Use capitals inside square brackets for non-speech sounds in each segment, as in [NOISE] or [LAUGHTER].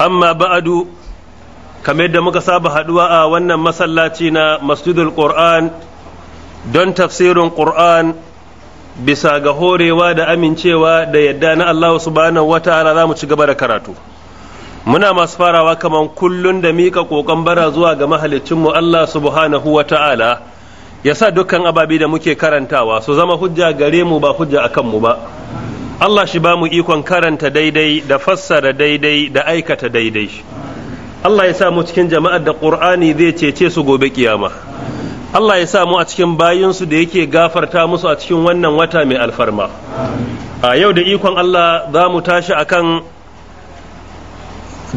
amma ba'adu kamar yadda muka saba haduwa a wannan masallaci na masjidul qur'an don tafsirin qur'an bisa ga horewa da amincewa da yadda na Allah subhanahu wata'ala za mu ci gaba da karatu muna masu farawa kamar kullun da mika kokon bara zuwa ga mahalicinmu Allah subhanahu wata'ala ya sa dukkan ababi da muke karantawa su zama hujja gare mu ba hujja akan mu ba Allah shi ba mu ikon karanta daidai da fassara daidai da aikata daidai Allah ya sa mu cikin jama'ar da Qur'ani zai cece su gobe kiyama Allah ya sa mu a cikin bayinsu da yake gafarta musu a cikin wannan wata mai alfarma a yau da ikon Allah za mu tashi akan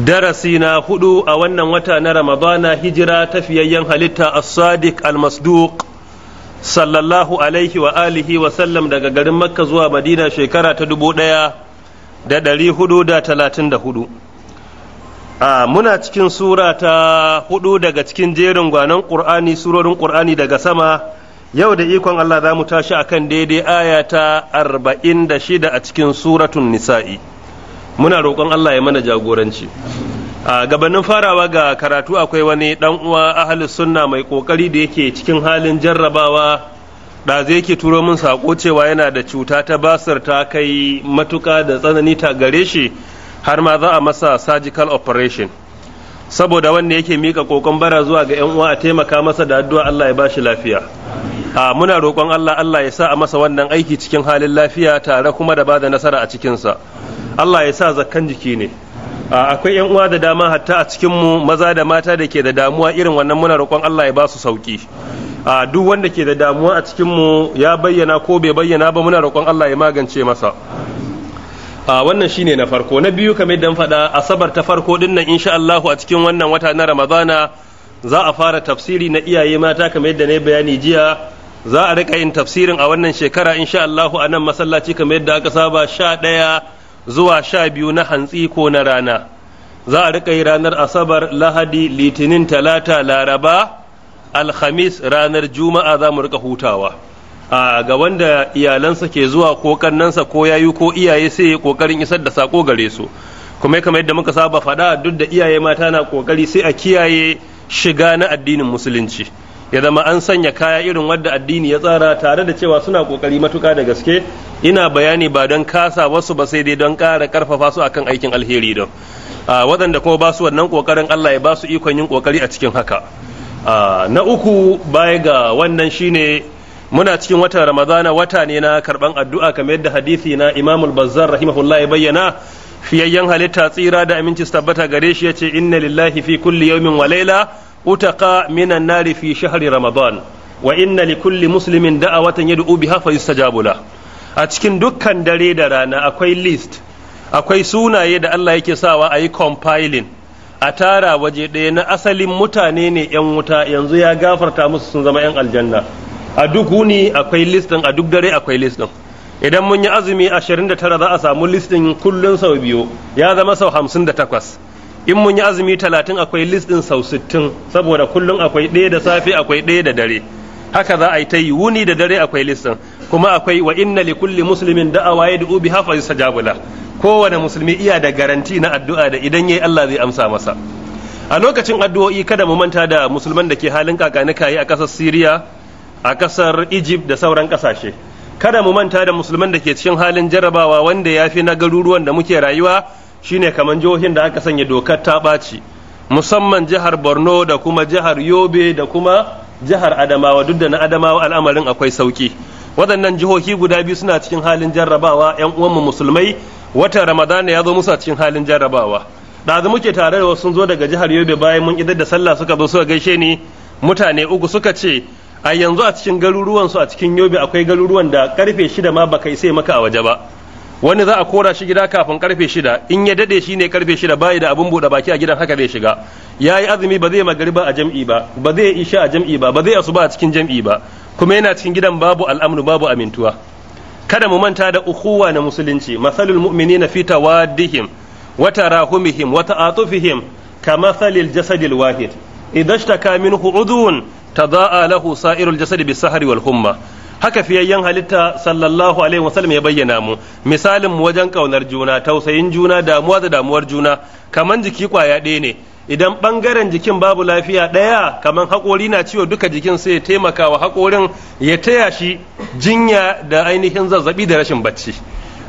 darasi na hudu a wannan wata na Ramadana hijira tafiyayyen halitta as-sadiq al-masduq sallallahu alaihi wa alihi wa sallam daga garin makka zuwa madina shekara ta dubu ɗaya da ɗari hudu da talatin da hudu a muna cikin sura ta hudu daga cikin jerin gwanon ƙur'ani surorin ƙur'ani daga sama yau da ikon allah za mu tashi kan daidai aya ta arba'in da shida a cikin suratun nisa'i muna roƙon allah ya mana jagoranci a gabanin farawa ga karatu akwai wani dan uwa ahlus sunna mai kokari da yake cikin halin jarrabawa da zai yake turo min sako cewa yana da cuta ta basir ta kai matuka da tsanani ta gare shi har ma za a masa surgical operation saboda wanda yake mika kokon bara zuwa ga yan uwa a taimaka masa da addu'a Allah ya bashi lafiya a muna roƙon Allah Allah ya sa a masa wannan aiki cikin halin lafiya tare kuma da bada nasara a cikinsa Allah ya sa zakkan jiki ne akwai yan uwa da dama hatta a cikin mu maza da mata da ke da damuwa irin wannan muna roƙon Allah ya ba su sauki a duk wanda ke da damuwa a cikin mu ya bayyana ko bai bayyana ba muna roƙon Allah ya magance masa a wannan shine na farko na biyu kamar dan faɗa asabar ta farko dinnan nan insha Allah a cikin wannan wata na Ramadana za a fara tafsiri na iyaye mata kamar yadda na bayani jiya za a rika yin tafsirin a wannan shekara insha Allah a nan masallaci kamar yadda aka saba sha ɗaya zuwa sha biyu na hantsi ko na rana za a riƙa yi ranar asabar lahadi litinin talata laraba alhamis ranar juma'a za mu riƙa hutawa a ga wanda iyalansa ke zuwa ko kannansa ko yayu ko iyaye sai ya kokarin isar da sako gare su kuma kamar yadda muka saba faɗa duk da iyaye mata na kokari sai a kiyaye shiga na addinin musulunci ya zama an sanya kaya irin wadda addini ya tsara tare da cewa suna kokari matuka da gaske ina bayani ba don kasa wasu ba sai dai don kara karfafa su akan aikin alheri don waɗanda kuma ba su wannan kokarin Allah ya ba su ikon yin kokari a cikin haka na uku baya ga wannan shine muna cikin watan ramadana wata ne na karban addu'a kamar yadda hadisi na imamul bazzar rahimahullah ya bayyana fiyayyen halitta tsira da aminci tabbata gare shi yace inna lillahi fi kulli yawmin wa layla utaka minan nari في شهر ramadan wa لكل مسلم kulli muslimin بها فيستجاب له fa yustajabu a cikin dukkan dare da rana akwai list akwai sunaye da Allah yake sawa a yi compiling a tara waje ɗaya na asalin mutane ne 'yan wuta yanzu ya gafarta musu sun zama 'yan aljanna a duk wuni akwai listin a duk dare akwai listin idan mun yi azumi 29 za a samu listin kullun sau biyu ya zama sau 58 in mun yi azumi talatin akwai list ɗin sau sittin saboda kullum akwai ɗaya da safe akwai ɗaya da dare haka za a yi ta yi wuni da dare akwai listin kuma akwai wa inna li kulli muslimin awa ya du'u bi hafa sajabula kowane musulmi iya da garanti na addu'a da idan yi Allah zai amsa masa a lokacin addu'o'i kada mu manta da musulman da ke halin kakanika yi a kasar Siriya a kasar Egypt da sauran kasashe kada mu manta da musulman da ke cikin halin jarrabawa wanda ya fi na garuruwan da muke rayuwa shine kaman jihohin da aka sanya dokar ta ɓaci musamman jihar borno da kuma jihar yobe da kuma jihar adamawa duk da na adamawa al'amarin akwai sauki waɗannan jihohi guda biyu suna cikin halin jarrabawa yan uwanmu musulmai watan ramadana ya zo musu a cikin halin jarrabawa Da ɗazu muke tare da wasu sun zo daga jihar yobe bayan mun idar da sallah suka zo suka gaishe ni mutane uku suka ce a yanzu a cikin garuruwansu a cikin yobe akwai garuruwan da karfe shida ma baka sai maka a waje ba wani za a kora shi gida kafin karfe shida in ya dade shi ne karfe shida bayi da abun buɗe baki a gidan haka zai shiga ya yi azumi ba zai magariba a jam'i ba ba zai isha a jam'i ba ba zai asuba a cikin jam'i ba kuma yana cikin gidan babu al'amnu babu amintuwa kada mu manta da ukhuwa na musulunci masalul mu'minina fi tawaddihim wa tarahumihim wa ta'atufihim kamathalil jasadil wahid idashtaka minhu udhun tadaa'a lahu sa'irul jasadi bis sahri wal humma haka fiyayyen halitta sallallahu alaihi wasallam ya bayyana mu misalin mu wajen kaunar juna tausayin juna damuwa da damuwar juna kaman jiki kwaya ɗaya ne idan bangaren jikin babu lafiya ɗaya kaman haƙori na ciwo duka jikin sai ya taimaka wa haƙorin ya taya shi jinya da ainihin zazzabi da rashin bacci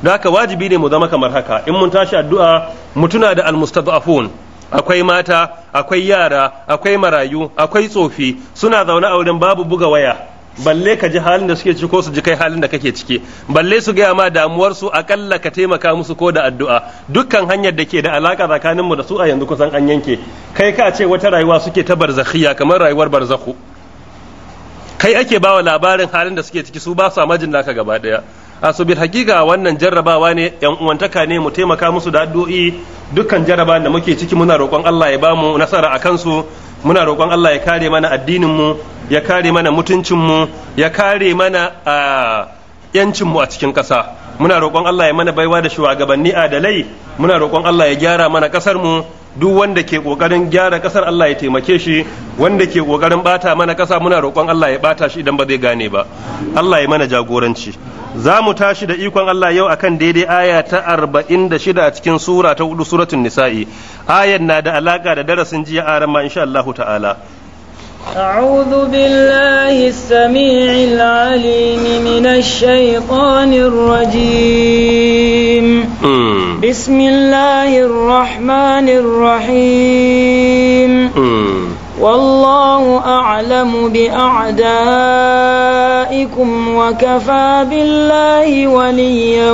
da haka wajibi ne mu zama kamar haka in mun tashi addu'a mu tuna da almustad'afun akwai mata akwai yara akwai marayu akwai tsofi suna zaune a wurin babu buga waya balle ka ji halin da suke ciki ko su ji kai halin da kake ciki balle su gaya ma damuwar damuwarsu akalla ka taimaka musu ko da addu'a dukkan hanyar da ke da alaka tsakanin mu da su a yanzu kusan an yanke kai ka ce wata rayuwa suke ta barzakhiya kamar rayuwar barzakhu. kai ake bawa labarin halin da suke ciki su ba su majin naka gaba daya a su bil hakika wannan jarrabawa ne yan uwantaka ne mu taimaka musu da addu'o'i dukkan jarraba da muke ciki muna roƙon Allah ya bamu nasara akan su muna roƙon Allah ya kare mana addinin mu ya kare mana mutuncin mu ya kare mana yancin mu a cikin ƙasa muna roƙon Allah ya mana baiwa da shugabanni adalai muna roƙon Allah ya gyara mana ƙasar mu duk wanda ke kokarin gyara ƙasar Allah ya taimake shi wanda ke kokarin bata mana ƙasa, muna roƙon Allah ya bata shi idan ba zai gane ba Allah ya mana jagoranci za mu tashi da ikon Allah yau akan daidai aya ta arba'in da shida a cikin sura ta hudu suratun nisa'i ayan na da alaƙa da darasin jiya a rama insha Allahu ta'ala أعوذ بالله السميع العليم من الشيطان الرجيم بسم الله الرحمن الرحيم والله أعلم بأعدائكم وكفى بالله وليا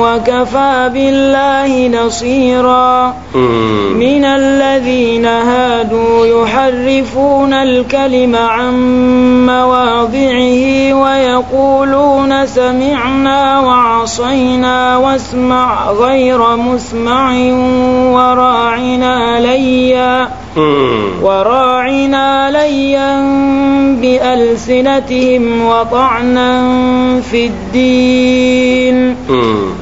وكفى بالله نصيرا من الذين هادوا يحرفون الكلم عن مواضعه ويقولون سمعنا وعصينا واسمع غير مسمع وراعنا ليا وراعنا راعنا ليا بألسنتهم وطعنا في الدين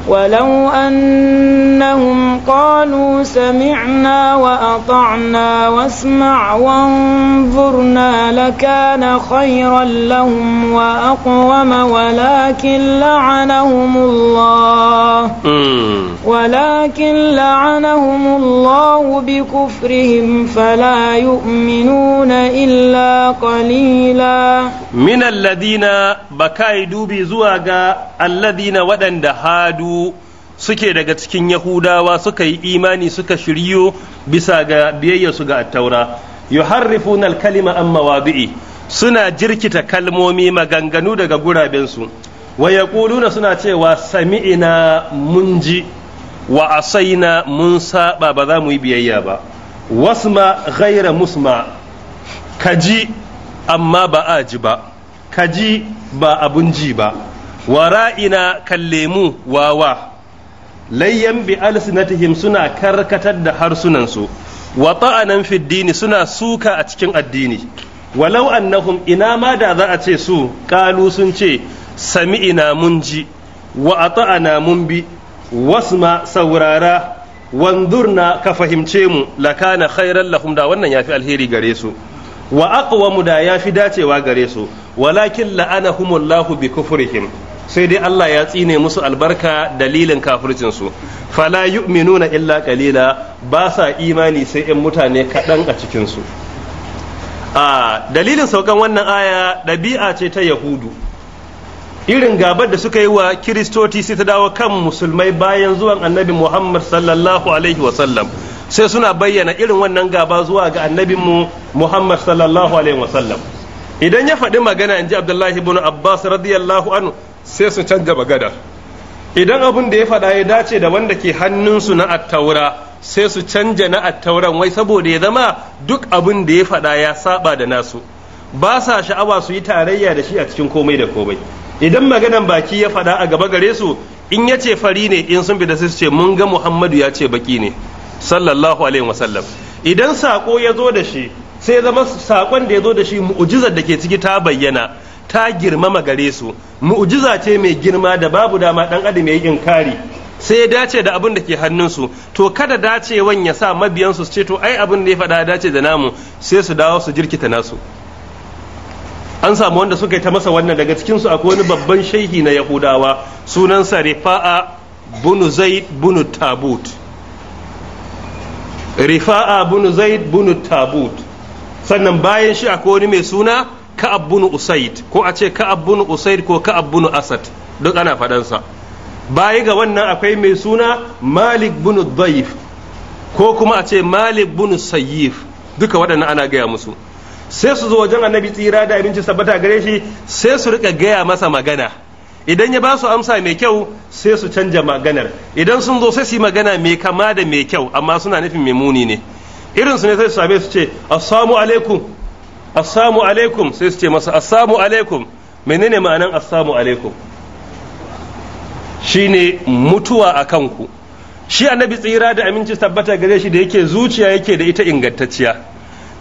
ولو أنهم قالوا سمعنا وأطعنا واسمع وانظرنا لكان خيرا لهم وأقوم ولكن لعنهم الله ولكن لعنهم الله بكفرهم فلا يؤمنون إلا قليلا من الذين Bakayi dubi zuwa ga alladina waɗanda hadu suke daga cikin yahudawa suka yi imani suka shiryo bisa ga biyayyarsu ga attaura yuharrifuna alkalima kalima an mawadi'i suna jirkita kalmomi maganganu daga gurabensu wa yaquluna suna cewa sami'ina mun ji wa asaina mun saba ba za mu yi biyayya ba wasma ghaira musma kaji amma ba a ji ba kaji ba abun ji ba wa ra'ina kallemu wawa layyan bi alsinatihim suna karkatar da harsunansu wa ta'anan fiddini suna suka a cikin addini walau annahum ina ma da za a ce su kalu sun ce sami'ina mun ji wa ata'ana mun bi wasma saurara wanzurna ka fahimce mu lakana khairan lahum da wannan yafi alheri gare su wa mu da yafi dacewa gare su walakin la'anahumullahu bi kufrihim sai dai Allah ya tsine musu albarka dalilin kafircin su fala yu'minuna illa qalila ba sa imani sai in mutane kaɗan a cikin su a dalilin saukan wannan aya dabi'a ce ta yahudu irin gabar da suka yi wa kiristoci sai ta dawo kan musulmai bayan zuwan annabi muhammad sallallahu alaihi wasallam sai suna bayyana irin wannan gaba zuwa ga annabinmu muhammad sallallahu alaihi wasallam idan ya faɗi magana in ji abdullahi ibn abbas radiyallahu anhu sai su canja magana idan abin da ya faɗa ya dace da wanda ke hannunsu na attaura sai su canja na attauran wai saboda ya zama duk abin da ya faɗa ya saba da nasu ba sa sha'awa su yi tarayya da shi a cikin komai da komai idan maganan baki ya faɗa a gaba gare su in ya ce fari ne in sun bi da su ce mun ga muhammadu ya ce baki ne sallallahu alaihi wasallam idan sako ya zo da shi sai zama sakon da ya zo da shi mu'ujizar da ke ciki ta bayyana ta girmama gare su mu'ujiza ce mai girma da babu dama dan adam ya yi inkari sai ya dace da abin da ke hannunsu to kada dacewan ya sa mabiyansu su ce to ai abin da ya faɗa dace da namu sai su dawo su jirkita nasu an samu wanda suka yi ta masa wannan daga cikinsu akwai wani babban shehi na yahudawa sunansa rifa'a bunu zaid bunu tabut rifa'a bunu zaid bunu tabut sannan bayan shi akwai wani mai suna ka'ab usaid ko a ce ka'ab usaid ko ka'ab asad duk ana faɗansa bayi ga wannan akwai mai suna malik bin dhaif ko kuma a ce malik bin sayyif duka waɗannan ana gaya musu sai su zo wajen annabi tsira da abinci sabbata gare shi sai su rika gaya masa magana idan ya ba su amsa mai kyau sai su canja maganar idan sun zo sai su yi magana mai kama da mai kyau amma suna nufin mai muni ne irinsu ne sai su same su ce assamu alaikum assamu alaikum sai su ce masa assamu alaikum menene ma'anan assamu alaikum shine mutuwa a kanku shi annabi tsira da aminci tabbata gare shi da yake zuciya yake da ita ingantacciya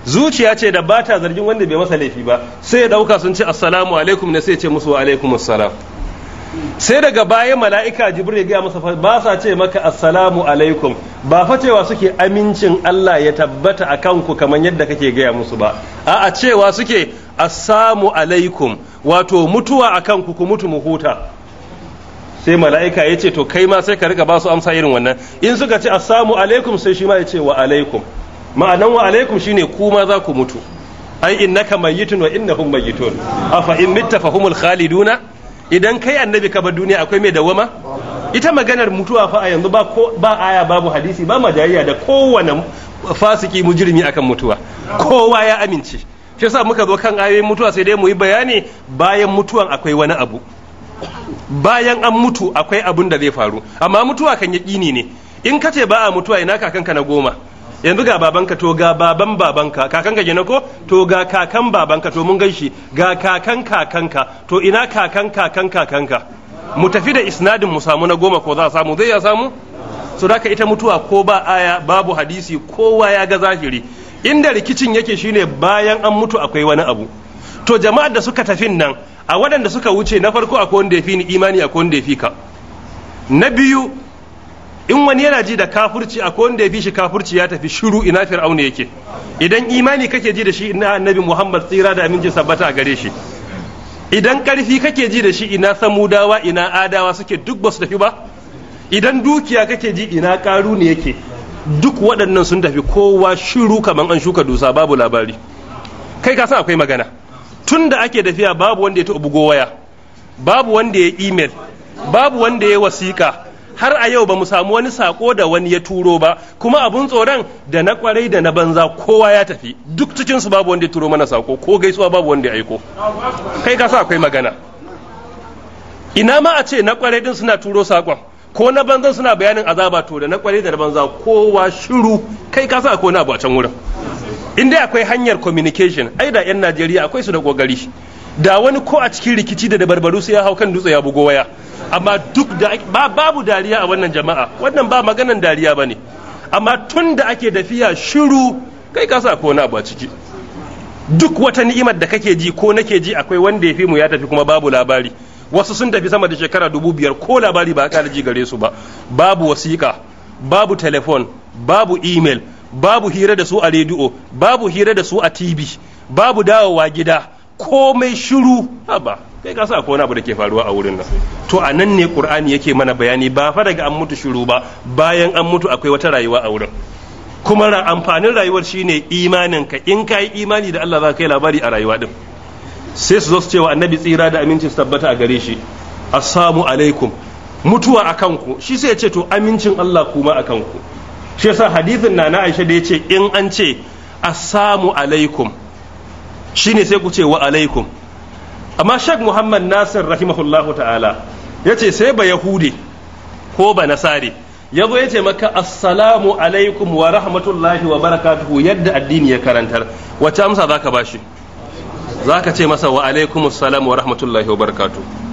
zuciya ce da bata zargin wanda bai masa laifi ba sai ya dauka sun ce assalamu alaikum ne sai ya ce musu wa alaikum assalam sai daga baya mala'ika jibril ya gaya masa ba sa ce maka assalamu alaikum ba fa cewa suke amincin Allah ya tabbata a kanku kamar yadda kake gaya musu ba a'a cewa suke assamu alaikum wato mutuwa a kanku ku mutu mu huta sai mala'ika ya ce to kai ma sai ka riga ba su amsa irin wannan in suka ce assamu alaikum sai shi ma ya ce wa alaikum ma'anan wa alaikum shine ku ma za ku mutu ai innaka mayyitun wa innahum mayyitun afa in mitta fahumul khaliduna idan kai annabi ka bar duniya akwai mai dawama ita maganar mutuwa fa a yanzu ba ko aya babu hadisi ba ma da kowane fasiki mujirmi akan mutuwa kowa ya amince shi yasa muka zo kan ayoyin mutuwa sai dai mu yi bayani bayan mutuwan akwai wani abu bayan an mutu akwai abun da zai faru amma mutuwa kan yaƙini ne in ka ce ba a mutuwa ina kakanka na goma yanzu ga babanka to ga baban babanka kakanka kenan ko to ga kakan babanka to mun ganshi ga kakan kakanka to ina kakan kakan kakanka mu tafi da isnadin mu samu na goma ko za a samu zai ya samu so ka ita mutuwa ko ba aya babu hadisi kowa ya ga zahiri inda rikicin yake shine bayan an mutu akwai wani abu to jama'ar da suka tafin nan a waɗanda suka wuce na farko akwai wanda ya fi ni imani akwai wanda ya fi ka na biyu in wani yana ji da kafurci a wanda ya fi shi kafurci ya tafi shiru ina fir'auna yake idan imani kake ji da shi ina annabi muhammad tsira da aminci sabbata a gare shi idan karfi kake ji da shi ina samudawa ina adawa suke duk ba su tafi ba idan dukiya kake ji ina karu ne yake duk waɗannan sun tafi kowa shiru kamar an shuka dusa babu labari kai ka san akwai magana tun da ake tafiya babu wanda ya taɓa bugo waya babu wanda ya email babu wanda ya wasiƙa har a yau ba mu samu wani sako da wani ya turo ba kuma abun tsoron da na kwarai da na banza kowa ya tafi duk cikin su babu wanda ya turo mana sako ko gaisuwa babu wanda ya aiko kai ka sa akwai magana ina ma a ce na kwarai din suna turo sakon ko na banza suna bayanin azaba to da na kwarai da na banza kowa shiru kai ka sa ko na abu a can wurin in dai akwai hanyar communication ai da yan Najeriya akwai su da kokari da wani ko a cikin rikici da dabarbaru sai ya hau kan dutse ya bugo waya amma duk da ba babu dariya a wannan jama'a wannan ba maganan dariya ba ne amma tun da ake dafiya shiru kai ka sa ko na ba ciki duk wata ni'imar da kake ji ko nake ji akwai wanda ya fi mu ya tafi kuma babu labari wasu sun tafi sama da shekara dubu biyar ko labari ba a ji gare su ba babu wasiƙa babu telefon babu email babu hira da su a rediyo babu hira da su a tv babu dawowa gida komai shiru haba kai ka sa kona abu da ke faruwa a wurin nan to a nan ne qur'ani yake mana bayani ba fa daga an mutu shiru ba bayan an mutu akwai wata rayuwa a wurin kuma amfanin rayuwar shine imanin ka in ka yi imani da Allah za ka yi labari a rayuwa din sai su zo su cewa annabi tsira da aminci su tabbata a gare shi assalamu alaikum mutuwa a kanku shi sai ce to amincin Allah kuma a kanku shi yasa hadithin na na Aisha da ya ce in an ce assalamu alaikum shi ne sai ku ce wa alaikum amma Sheikh Muhammad Nasir rahimahullahu ta'ala ya ce sai ba Yahudi ko ba Nasari ya yace maka assalamu alaikum wa rahmatullahi wa barakatuhu yadda addini ya karantar wacce amsa za zaka bashi ka ce masa wa alaikum salam wa rahmatullahi wa barakatuhu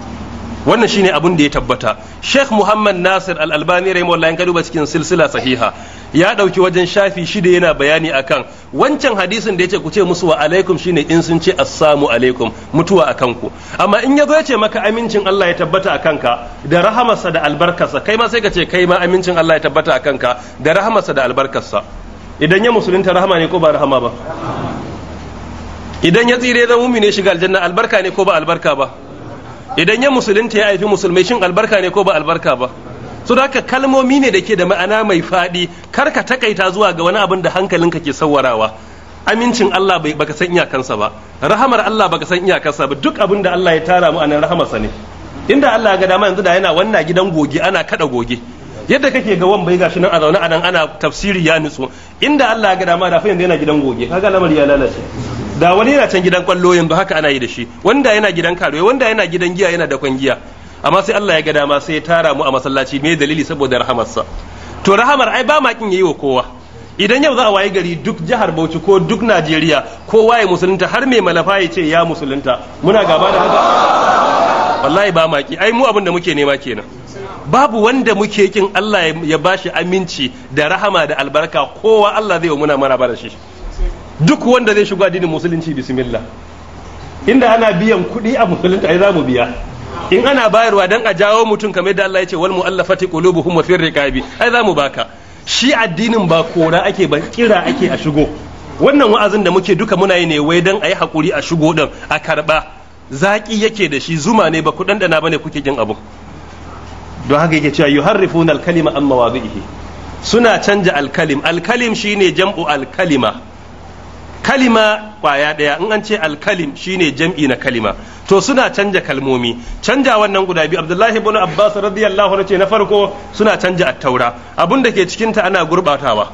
wannan shine abin da ya tabbata Sheikh Muhammad Nasir Al-Albani rahimahullah in ka duba cikin silsila sahiha ya dauki wajen shafi shida yana bayani akan wancan hadisin da yace ku ce musu wa alaikum shine in sun ce assalamu alaikum mutuwa akan ku amma in yazo yace maka amincin Allah ya tabbata akan ka da rahamarsa da albarkarsa kai ma sai ka ce kai ma amincin Allah ya tabbata akan ka da rahamarsa da albarkarsa idan ya musulunta rahama ne ko ba rahama ba idan ya tsire zan mumine shiga aljanna albarka ne ko ba albarka ba idan ya musulunta ya haifi musulmai shin albarka ne ko ba albarka ba su da kalmomi ne da ke da ma'ana mai faɗi kar ka takaita zuwa ga wani abin da hankalinka ke sawarawa amincin Allah bai baka san iyakansa ba rahamar Allah baka san iyakansa ba duk abin da Allah ya tara mu anan rahamarsa ne inda Allah ya ga dama yanzu da yana wannan gidan goge ana kada goge yadda kake ga wan bai gashi nan a zaune a nan ana tafsiri ya nutsu inda Allah ya ga dama da fa yanzu yana gidan goge kaga lamari ya lalace da wani yana can gidan kwallo yanzu haka ana yi da shi wanda yana gidan karuwa wanda yana gidan giya yana da giya amma sai Allah ya ga dama sai ya tara mu a masallaci me dalili saboda rahamarsa to rahamar ai ba ma kin yayi wa kowa idan yau za a waye gari duk jihar Bauchi ko duk Najeriya kowa ya musulunta har mai malafa ya ce ya musulunta muna gaba da haka wallahi ba ma ki ai mu abin da muke nema kenan babu wanda muke kin Allah ya bashi aminci da rahama da albarka kowa Allah zai yi muna maraba da shi duk wanda zai shiga addinin musulunci bismillah inda ana biyan kuɗi a musulunta ai za mu biya in ana bayarwa dan a jawo mutum kamar yadda Allah ya ce wal mu'allafati qulubuhum fi fir riqabi ai za mu baka shi addinin ba kora ake ba kira ake a shigo wannan wa'azin da muke duka muna yi ne wai dan ayi hakuri a shigo din a karba zaki yake da shi zuma ne ba ku dana bane kuke kin abu don haka yake cewa yuharrifuna al-kalima amma mawadihi suna canja al-kalim al-kalim shine jam'u al-kalima kalima kwaya ɗaya in an ce alkalim shine jam'i na kalima to suna canja kalmomi canja wannan guda biyu abdullahi ibn abbas radiyallahu anhu ce na farko suna canja at-taura abun da ke cikin ta ana gurbatawa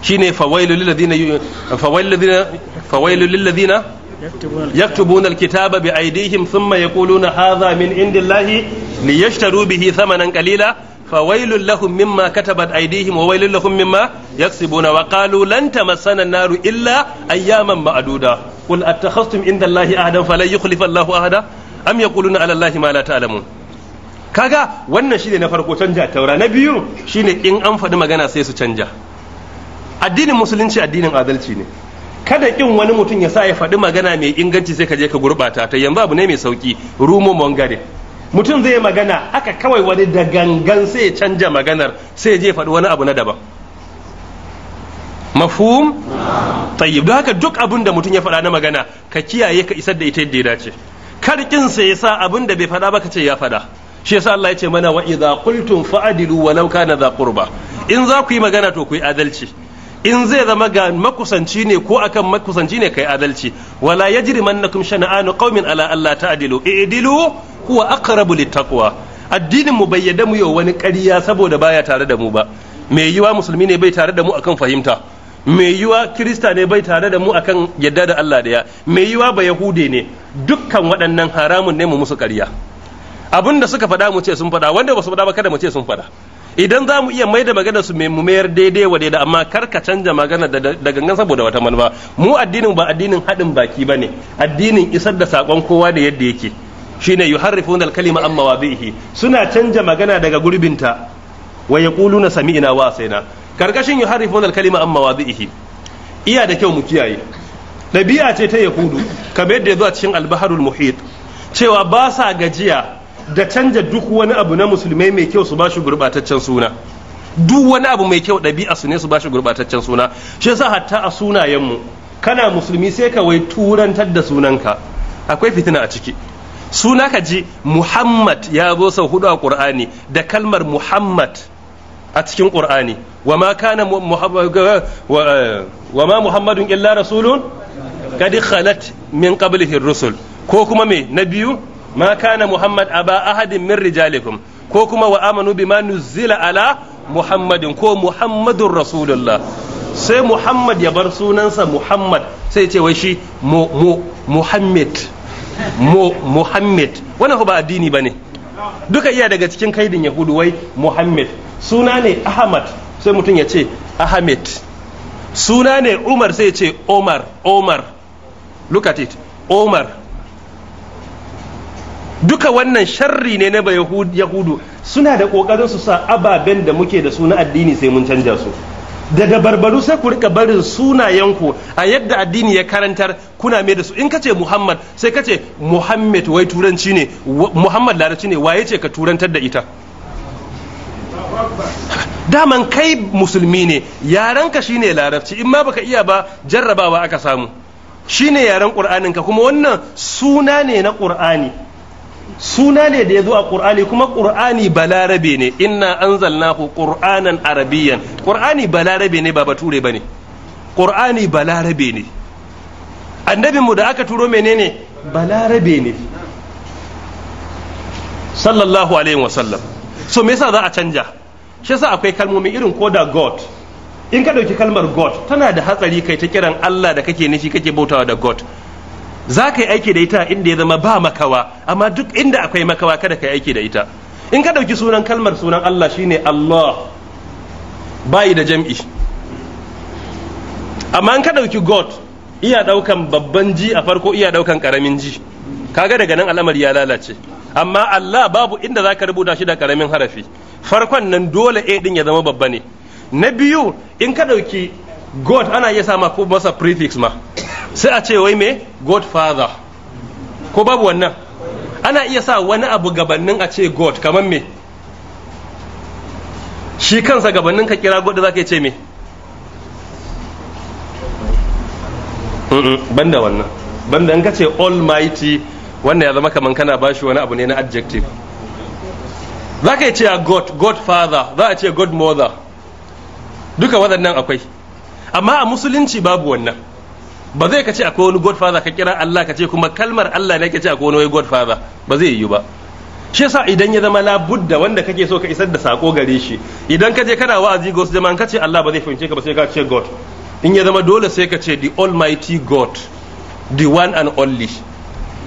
shine fawailu lil ladina fawailu ladina fawailu lil ladina yaktubuna alkitaba bi aydihim thumma yaquluna hadha min indillahi liyashtaru bihi thamanan qalila فويل لهم مما mimma katabat وويل لهم مما يكسبون mimma لن تمسنا النار lan naru illa ayyaman الله qul فلن inda الله ahadan falan يقولون على الله ما لا تعلمون allahi kaga wannan shine na farko canja taura na biyu shine in an faɗi magana sai su canja addinin musulunci addinin adalci ne kada kin wani mutum ya sa ya faɗi magana mai inganci sai ka je ka gurɓata ta yanzu abu ne mai sauki rumo mongare mutum zai magana aka kawai wani da gangan sai ya canja maganar sai je faɗi wani abu na daban mafhum tayyib don haka duk abin da mutum ya faɗa na magana ka kiyaye ka isar da ita yadda ya dace kar kin sa yasa abin da bai faɗa ba ka ce ya faɗa shi yasa Allah ya ce mana wa idza qultum fa'dilu walau kana dha qurba in za ku yi magana to ku yi adalci in zai zama ga makusanci ne ko akan makusanci ne kai adalci wala yajrimannakum shana'anu qaumin ala alla ta'dilu i'dilu huwa aqrabu littaqwa addinin mu bai yadda mu yau wani ƙarya saboda baya tare da mu ba mai yiwa musulmi ne bai tare da mu akan fahimta mai yiwa kirista ne bai tare da mu akan yadda da Allah daya mai yiwa ba yahude ne dukkan waɗannan haramun ne mu musu ƙarya abin suka faɗa mu ce sun faɗa wanda ba su faɗa ba kada mu ce sun faɗa idan za mu iya mai da magana su mu mayar daidai wa daidai amma kar ka canja magana da gangan saboda wata manufa mu addinin ba addinin haɗin baki ba ne addinin isar da saƙon kowa da yadda yake shine yuharrifuna al-kalima amma wabihi suna canja magana daga gurbinta wa yaquluna sami'na wa sayna karkashin yuharrifuna al-kalima amma wabihi iya da kyau mu kiyaye dabi'a ce ta yahudu kamar yadda yazo a cikin al-baharul muhit cewa ba sa gajiya da canja duk wani abu na musulmai mai kyau su ba shi gurbataccen suna duk wani abu mai kyau ɗabi'a su ne su ba shi gurbataccen suna shi yasa hatta a sunayen mu kana musulmi sai ka wai turantar da sunanka akwai fitina a ciki suna ka ji muhammad ya zo sau hudu a ƙur'ani da kalmar muhammad a cikin ƙur'ani wa kana wa eh, muhammadun illa rasulun qad khalat min qablihi rusul ko kuma me na biyu ma kana muhammad aba ahadin min rijalikum ko kuma wa amanu bima nuzila ala muhammadin ko muhammadun rasulullah sai muhammad ya bar sunansa muhammad sai ce wai shi muhammad mo muhammad wannan ba addini ba ne duka iya daga cikin kaidin yahudu wai muhammad suna ne ahmad sai mutum ya ce ahmed suna ne umar sai ya ce omar omar look at it omar duka wannan sharri ne na yahudu suna da ƙoƙarin su sa ababen da muke da su na addini sai mun canja su daga barbaru sai ku rika barin sunayenku a yadda addini ya karantar kuna mai da su in kace Muhammad sai kace Muhammad wai turanci ne Muhammad larabci ne waye ce ka turantar da ita daman kai musulmi ne yarenka shine larabci in ma baka iya ba jarrabawa aka samu shine yaren qur'aninka kuma wannan suna ne na qur'ani suna ne da ya zo a ƙur'ani kuma ƙur'ani balarabe ne inna ku ƙur'anan arabiyan ƙur'ani balarabe ne ba bature ba ne ƙur'ani balarabe ne annabinmu da aka turo menene balarabe ne sallallahu alaihi wasallam so me yasa za a canja shi yasa akwai kalmomi irin ko da god in ka ɗauki kalmar god tana da hatsari kai ta kiran allah da kake nufi kake bautawa da god za ka yi aiki da ita inda ya zama ba makawa amma duk inda akwai makawa kada ka yi aiki da ita in ka ɗauki sunan kalmar sunan Allah shine Allah bayi da jam'i amma in ka ɗauki God iya ɗaukan babban ji a farko iya ɗaukan ƙaramin ji kaga daga nan al'amari ya lalace amma Allah babu inda za ka rubuta shi da ƙaramin harafi farkon nan dole a ɗin ya zama babba ne na biyu in ka ɗauki God ana iya sa ma ko masa prefix ma sai a ce wai me godfather ko babu wannan ana iya sa wani abu gabanin a ce god kamar me shi kansa gabanin ka kira god za zaka ce me banda wannan banda in ka ce almighty wannan ya zama kamar kana bashi wani abu ne na adjective za ka ce god godfather za a ce godmother duka waɗannan akwai amma a musulunci babu wannan ba zai ka ce akwai wani godfather ka kira Allah ka ce kuma kalmar Allah ne ka ce akwai wani godfather ba zai yi ba shi yasa idan ya zama labudda wanda kake so ka isar da sako gare shi idan ka je kana wa'azi ga wasu jama'an ka ce Allah ba zai fahimce ka ba sai ka ce God in ya zama dole sai ka ce the almighty God the one and only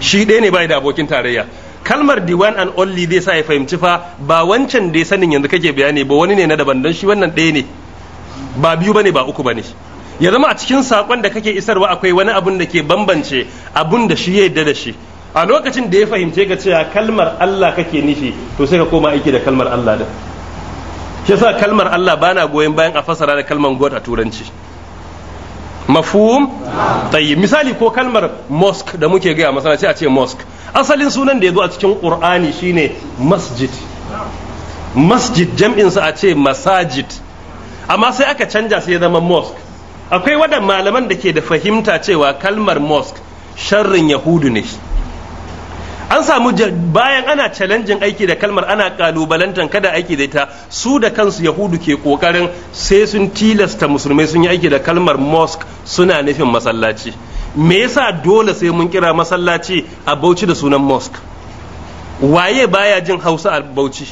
shi ɗaya ne bai da abokin tarayya kalmar the one and only zai sa ya fahimci fa ba wancan da ya sanin yanzu kake bayani ba wani ne na daban don shi wannan ɗaya ne ba biyu bane ba uku bane ya zama a cikin sakon da kake isarwa akwai wani abun da ke bambance abun da shi ya yadda da shi a lokacin da ya fahimce ga cewa kalmar Allah kake nishi to sai ka koma aiki da kalmar Allah da shi sa kalmar Allah bana goyon bayan a fasara da kalmar God a turanci mafhum tayyib misali ko kalmar mosque da muke gaya sai a ce mosque asalin sunan da ya zo a cikin qur'ani shine masjid masjid jam'in sa a ce masajid amma sai aka canja sai ya zama mosque akwai wadan malaman da ke da fahimta cewa kalmar mosque sharrin yahudu ne an samu bayan ana challenging aiki da kalmar ana kalubalantan kada aiki da ita su da kansu yahudu ke kokarin sai sun tilasta musulmai sun yi aiki da kalmar mosque suna nufin masallaci me yasa dole sai mun kira masallaci a bauchi da sunan mosque waye baya jin hausa a bauchi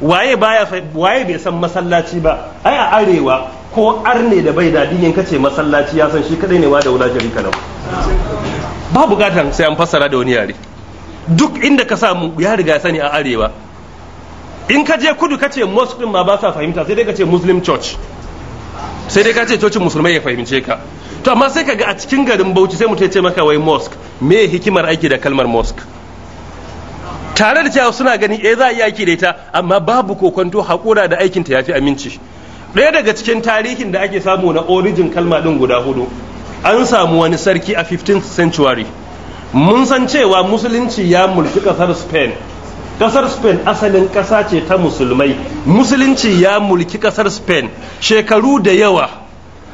waye baya waye bai san masallaci ba ai a arewa ko arne da bai dadi yin kace masallaci ya san shi kadai ne wa da wula jari kana ba bukatan sai an fassara da wani yare duk inda ka samu ya riga sani a arewa in ka je kudu kace mosque ma ba sa fahimta sai dai kace muslim church sai dai kace cocin musulmai ya fahimce ka to amma sai kaga a cikin garin Bauchi sai mutum ya ce maka wai mosque me hikimar aiki da kalmar mosque tare da cewa suna gani eh za a yi aiki da ita amma babu kokonto haƙura da aikinta ya fi aminci ɗaya daga cikin tarihin da ake samu na origin kalma ɗin guda hudu an samu wani sarki a 15th century mun san cewa musulunci ya mulki ƙasar spain ƙasar spain asalin ƙasa ce ta musulmai musulunci ya mulki ƙasar spain shekaru da yawa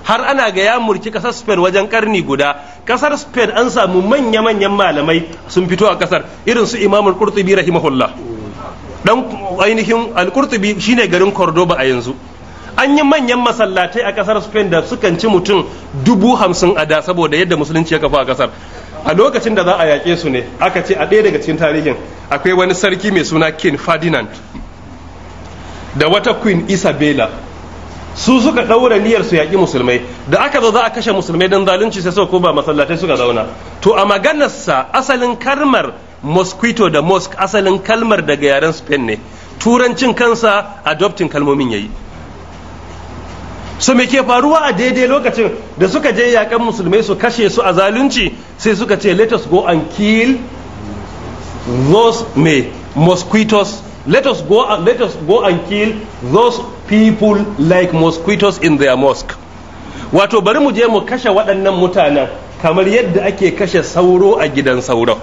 har ana ga ya murki kasar spain wajen karni guda kasar spain an samu manya-manyan malamai sun fito a kasar irin su imamul qurtubi rahimahullah dan ainihin al-qurtubi shine garin cordoba a yanzu an yi manyan masallatai a kasar spain da sukan ci mutum dubu hamsin a da saboda yadda musulunci ya kafa a kasar a lokacin da za a yaƙe su ne aka ce a ɗaya daga cikin tarihin akwai wani sarki mai suna king ferdinand da wata queen isabella su suka ɗaura niyyar su yaƙi musulmai da aka zo za a kashe musulmai don zalunci sai suka ba masallatai suka zauna to a maganarsa asalin kalmar mosquito da mosque asalin kalmar daga yaren spain ne turancin kansa adoptin kalmomin yayi so me ke faruwa a daidai lokacin da suka je yakan musulmai su kashe su a zalunci sai suka ce let us go and kill those me mosquitoes Let us go and let us go and kill those people like mosquitoes in their mosque. Wato bari mu je mu kashe waɗannan mutanen kamar yadda ake kashe sauro a gidan sauro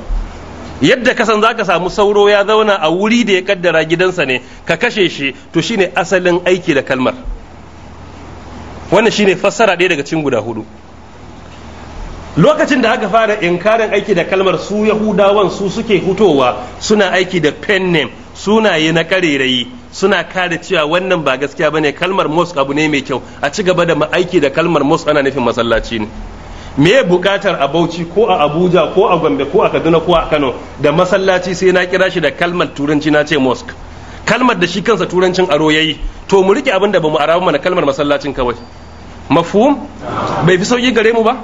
Yadda kasan san zaka samu sauro ya zauna a wuri da ya kaddara gidansa ne ka kashe shi to shine asalin aiki da kalmar. Wannan shine fassara ɗaya daga cikin guda hudu. lokacin da aka fara inkarin aiki da kalmar su yahudawan su suke hutowa suna aiki da pen name sunaye na karerayi suna kare cewa wannan ba gaskiya bane kalmar mosque abu ne mai kyau a ci gaba da aiki da kalmar mosque ana nufin masallaci ne me buƙatar a Bauchi ko a Abuja ko a Gombe ko a Kaduna ko a Kano da masallaci sai na kira shi da kalmar turanci na ce mosque kalmar da shi kansa turancin aro yayi to mu rike abin da bamu arabu mana kalmar masallacin kawai mafhum bai fi sauki gare mu ba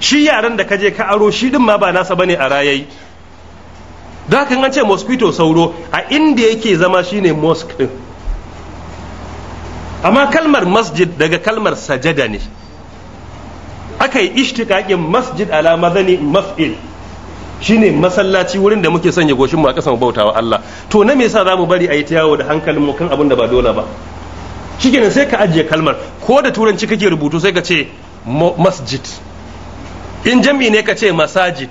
shi yaran da ka je ka aro shi din ma ba nasa bane a rayayi da kan an ce mosquito sauro a inda yake zama shine mosque din amma kalmar masjid daga kalmar sajada ne aka yi ishtiqaqin masjid ala madani maf'il shine masallaci wurin da muke sanya goshin mu a kasan bautawa Allah to na me yasa zamu bari a yi ta yawo da hankalin mu kan abin da ba dole ba shikenan sai ka ajiye kalmar ko da turanci kake rubutu sai ka ce masjid in jam'i ne ka ce masajid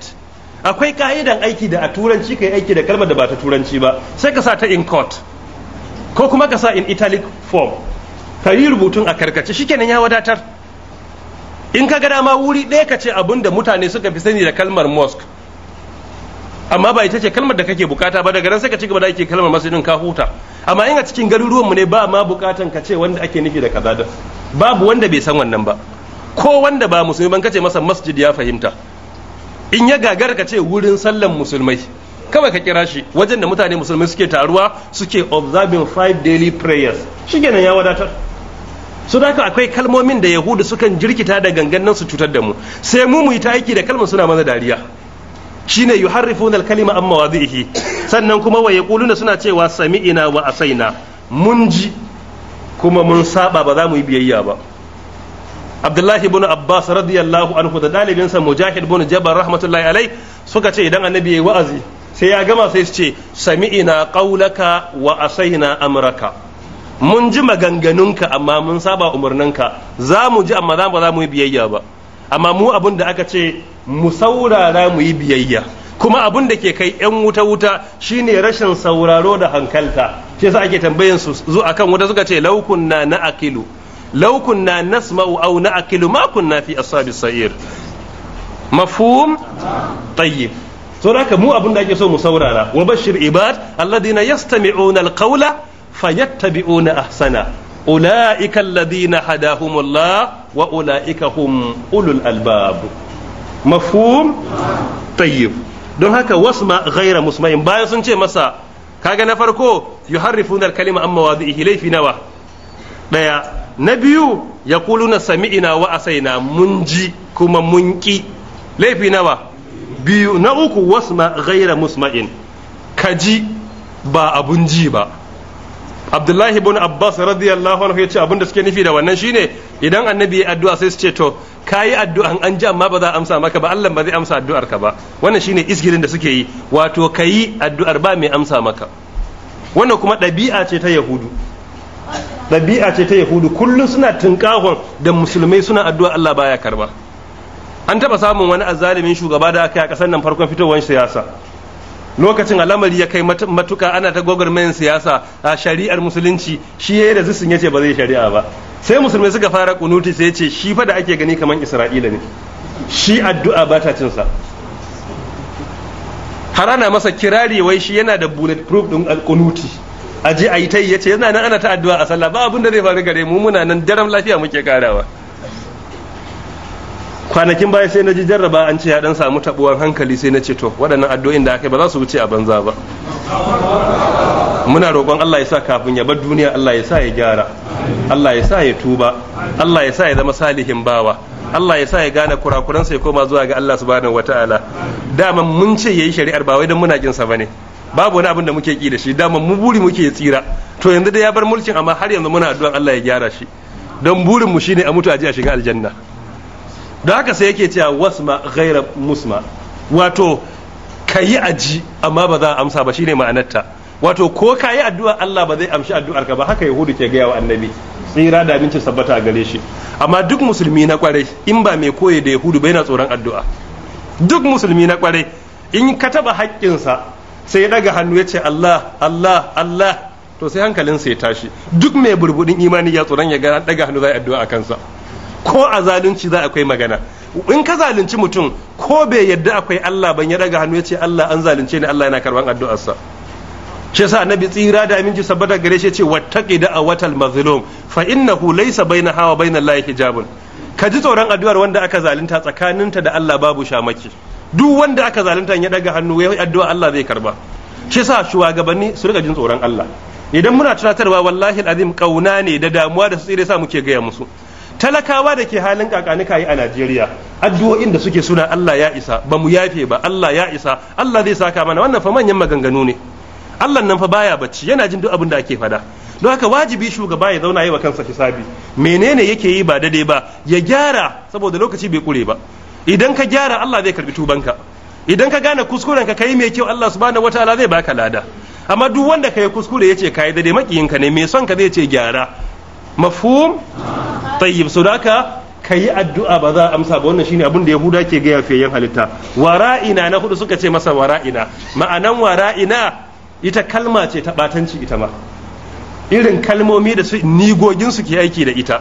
akwai ka'idan aiki da a turanci ka yi aiki da kalmar da ba ta turanci ba sai ka sa ta in court ko kuma ka sa in italic form ka yi rubutun a karkace shikenan ya wadatar in ka ga dama wuri ɗaya ka ce abin da mutane suka fi sani da kalmar mosque amma ba ita ce kalmar da kake bukata ba daga nan sai ka ci gaba da ake kalmar masjidin ka huta amma in a cikin garuruwanmu ne ba ma bukatan ka ce wanda ake nufi da kaza babu wanda bai san wannan ba ko wanda ba musulmi ban kace masa masjid ya fahimta in ya gagar ka ce wurin sallan musulmai kawai ka kira shi wajen da mutane musulmai suke taruwa suke observing five daily prayers shi kenan ya wadatar su da akwai kalmomin da yahudu sukan jirkita da gangan nan su cutar da mu sai mu mu yi ta aiki da kalmar suna mana dariya shine yuharrifuna al-kalima amma mawadhihi sannan kuma wa yaquluna suna cewa sami'ina wa asaina mun ji kuma mun saba ba za mu yi biyayya ba abdullahi ibn abbas radiyallahu anhu da ɗalibinsa mujahid ibn jabal rahmatullahi alai suka ce idan annabi yayi wa'azi sai ya gama sai su ce sami'ina qaulaka wa asaina amraka mun ji maganganunka amma mun saba umarninka za mu ji amma za mu za mu yi biyayya ba amma mu abin da aka ce mu saurara mu yi biyayya kuma abin da ke kai yan wuta wuta shine rashin sauraro da hankalta shi yasa ake tambayan su zu akan wuta suka ce laukunna na akilu law kunna nasma'u auna na'qilu ma kunna fi ashabi sa'ir mafhum tayyib to haka mu abin da ake so mu saurara wa bashir ibad alladhina yastami'una alqawla fayattabi'una ahsana ulaika alladhina hadahumullah wa ulaika hum ulul albabu. mafhum tayyib don haka wasma ghaira musma'in bayan sun ce masa kaga na farko yuharrifuna kalima amma wadhihi laifi nawa daya na biyu ya kuluna ina wa na mun ji kuma mun ƙi laifi nawa biyu na uku ma gaira musma'in ka ji ba abun ji ba abdullahi ibn abbas radiyallahu anhu ya ce abin da suke nufi da wannan shine idan annabi ya addu'a sai su ce to ka yi addu'an an ji amma ba za a amsa maka ba Allah ba zai amsa addu'ar ka ba wannan shine isgirin da suke yi wato kayi addu'ar ba mai amsa maka wannan kuma ɗabi'a ce ta yahudu ɗabi'a ce ta yahudu kullum suna tunkahon da musulmai suna addu'a Allah baya karba an taɓa samun wani azalimin shugaba da aka yi a ƙasar nan farkon fitowar siyasa lokacin al'amari ya kai matuka ana ta mayan siyasa a shari'ar musulunci shi ya yi da zisin ya ce ba zai shari'a ba sai musulmai suka fara kunuti sai ce shi fa da ake gani kamar isra'ila ne shi addu'a ba ta cinsa har ana masa kirari wai shi yana da bulletproof ɗin kunuti a ji a yi ta yi ya ce yana nan ana ta addu'a a sallah ba abin da zai faru gare mu muna nan daram lafiya muke karawa kwanakin baya sai na ji jarraba an ce ya dan samu tabuwan hankali sai na ce to waɗannan addu'o'in da aka yi ba za su wuce a banza ba muna roƙon Allah ya sa kafin ya bar duniya Allah ya sa ya gyara Allah ya sa ya tuba Allah ya sa ya zama salihin bawa Allah ya sa ya gane kurakuransa ya koma zuwa ga Allah subhanahu wataala dama mun ce yayi shari'ar ba wai dan muna kin ba ne. babu wani abin da muke ki da shi dama mu buri muke tsira to yanzu da ya bar mulkin amma har yanzu muna addu'an Allah ya gyara shi don burin mu shine a mutu a a shiga aljanna don haka sai yake cewa wasma ghaira musma wato kayi aji amma ba za a amsa ba shine ma'anarta wato ko kayi addu'a Allah ba zai amshi addu'ar ka ba haka yahudu ke gaya wa annabi tsira da abincin sabbata a gare shi amma duk musulmi na kwarai in ba mai koyi da yahudu ba yana tsoron addu'a duk musulmi na kwarai in ka taba haƙƙinsa sai ya daga hannu ya ce Allah Allah Allah to sai hankalinsa ya tashi duk mai burbudin imani ya tsoron ya gana daga hannu za a addu'a a kansa ko a zalunci za akwai magana in ka zalunci mutum ko bai yadda akwai Allah ban ya daga hannu ya ce Allah an zalunce ni Allah yana karban sa. shi yasa annabi tsira da aminci sabbata gare shi ya ce wattaqi da awatal mazlum fa innahu laysa bainaha wa bainal lahi hijabun ka ji tsoron addu'ar wanda aka zalunta tsakaninta da Allah babu shamaki duk wanda aka zalunta ya daga hannu ya yi addu'a Allah zai karba shi yasa shugabanni su riga jin tsoron Allah idan muna tunatarwa wallahi alazim kauna ne da damuwa da su tsire sa muke gaya musu talakawa da ke halin kakanika yi a Najeriya addu'o'in da suke suna Allah ya isa ba mu yafe ba Allah ya isa Allah zai saka mana wannan fa manyan maganganu ne Allah nan fa baya bacci yana jin duk abin da ake fada don haka wajibi shugaba ya zauna yi wa kansa hisabi menene yake yi ba daidai ba ya gyara saboda lokaci bai kure ba idan ka gyara Allah zai karbi tubanka idan ka gane kuskuren ka kai mai kyau Allah subhanahu wataala zai baka lada amma duk wanda kai kuskure yace kai da dai makiyinka ne mai son ka zai ce gyara mafhum tayyib so haka addu'a ba za a amsa ba wannan shine abin da yahuda ke ga yafiyen halitta wara'ina na hudu suka ce masa wara'ina ma'anan wara'ina ita kalma ce ta batanci ita ma irin kalmomi da su nigogin su ke aiki da ita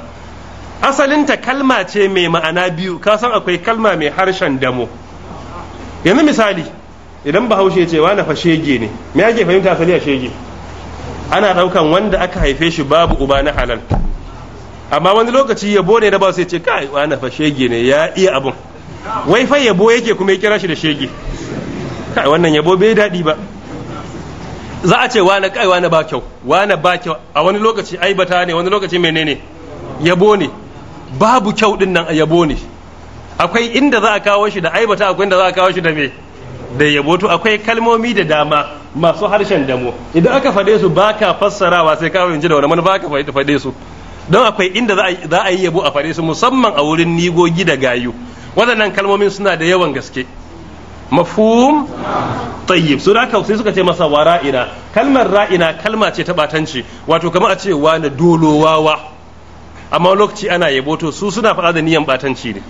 asalinta kalma ce mai ma'ana biyu ka san akwai kalma mai harshen damo yanzu misali idan bahaushe ce wani fa shege ne me ake fahimta asali a shege ana daukan wanda aka haife shi babu uba na halal amma wani lokaci yabo ne da ba sai ce kai wani fa shege ne ya iya abun wai fa yabo yake kuma ya kira shi da shege kai wannan yabo bai daɗi ba za a ce wani kai wani ba kyau wani ba kyau a wani lokaci aibata ne wani lokaci menene yabo ne babu kyau din nan a yabo ne akwai inda za a kawo shi da aibata akwai inda za a kawo shi da me da yabo to akwai kalmomi da dama masu harshen damo idan aka faɗe su baka fassarawa sai kawo yanzu da wani manufa ka faɗe su don akwai inda za a yi yabo a faɗe su musamman a wurin nigogi da gayu waɗannan kalmomin suna da yawan gaske mafhum tayyib sura ka sai suka ce masa wa ra'ina kalmar ra'ina kalma ce ta batanci wato kamar a ce wani dolowawa amma lokaci ana yabo to su suna faɗa da niyan batanci ne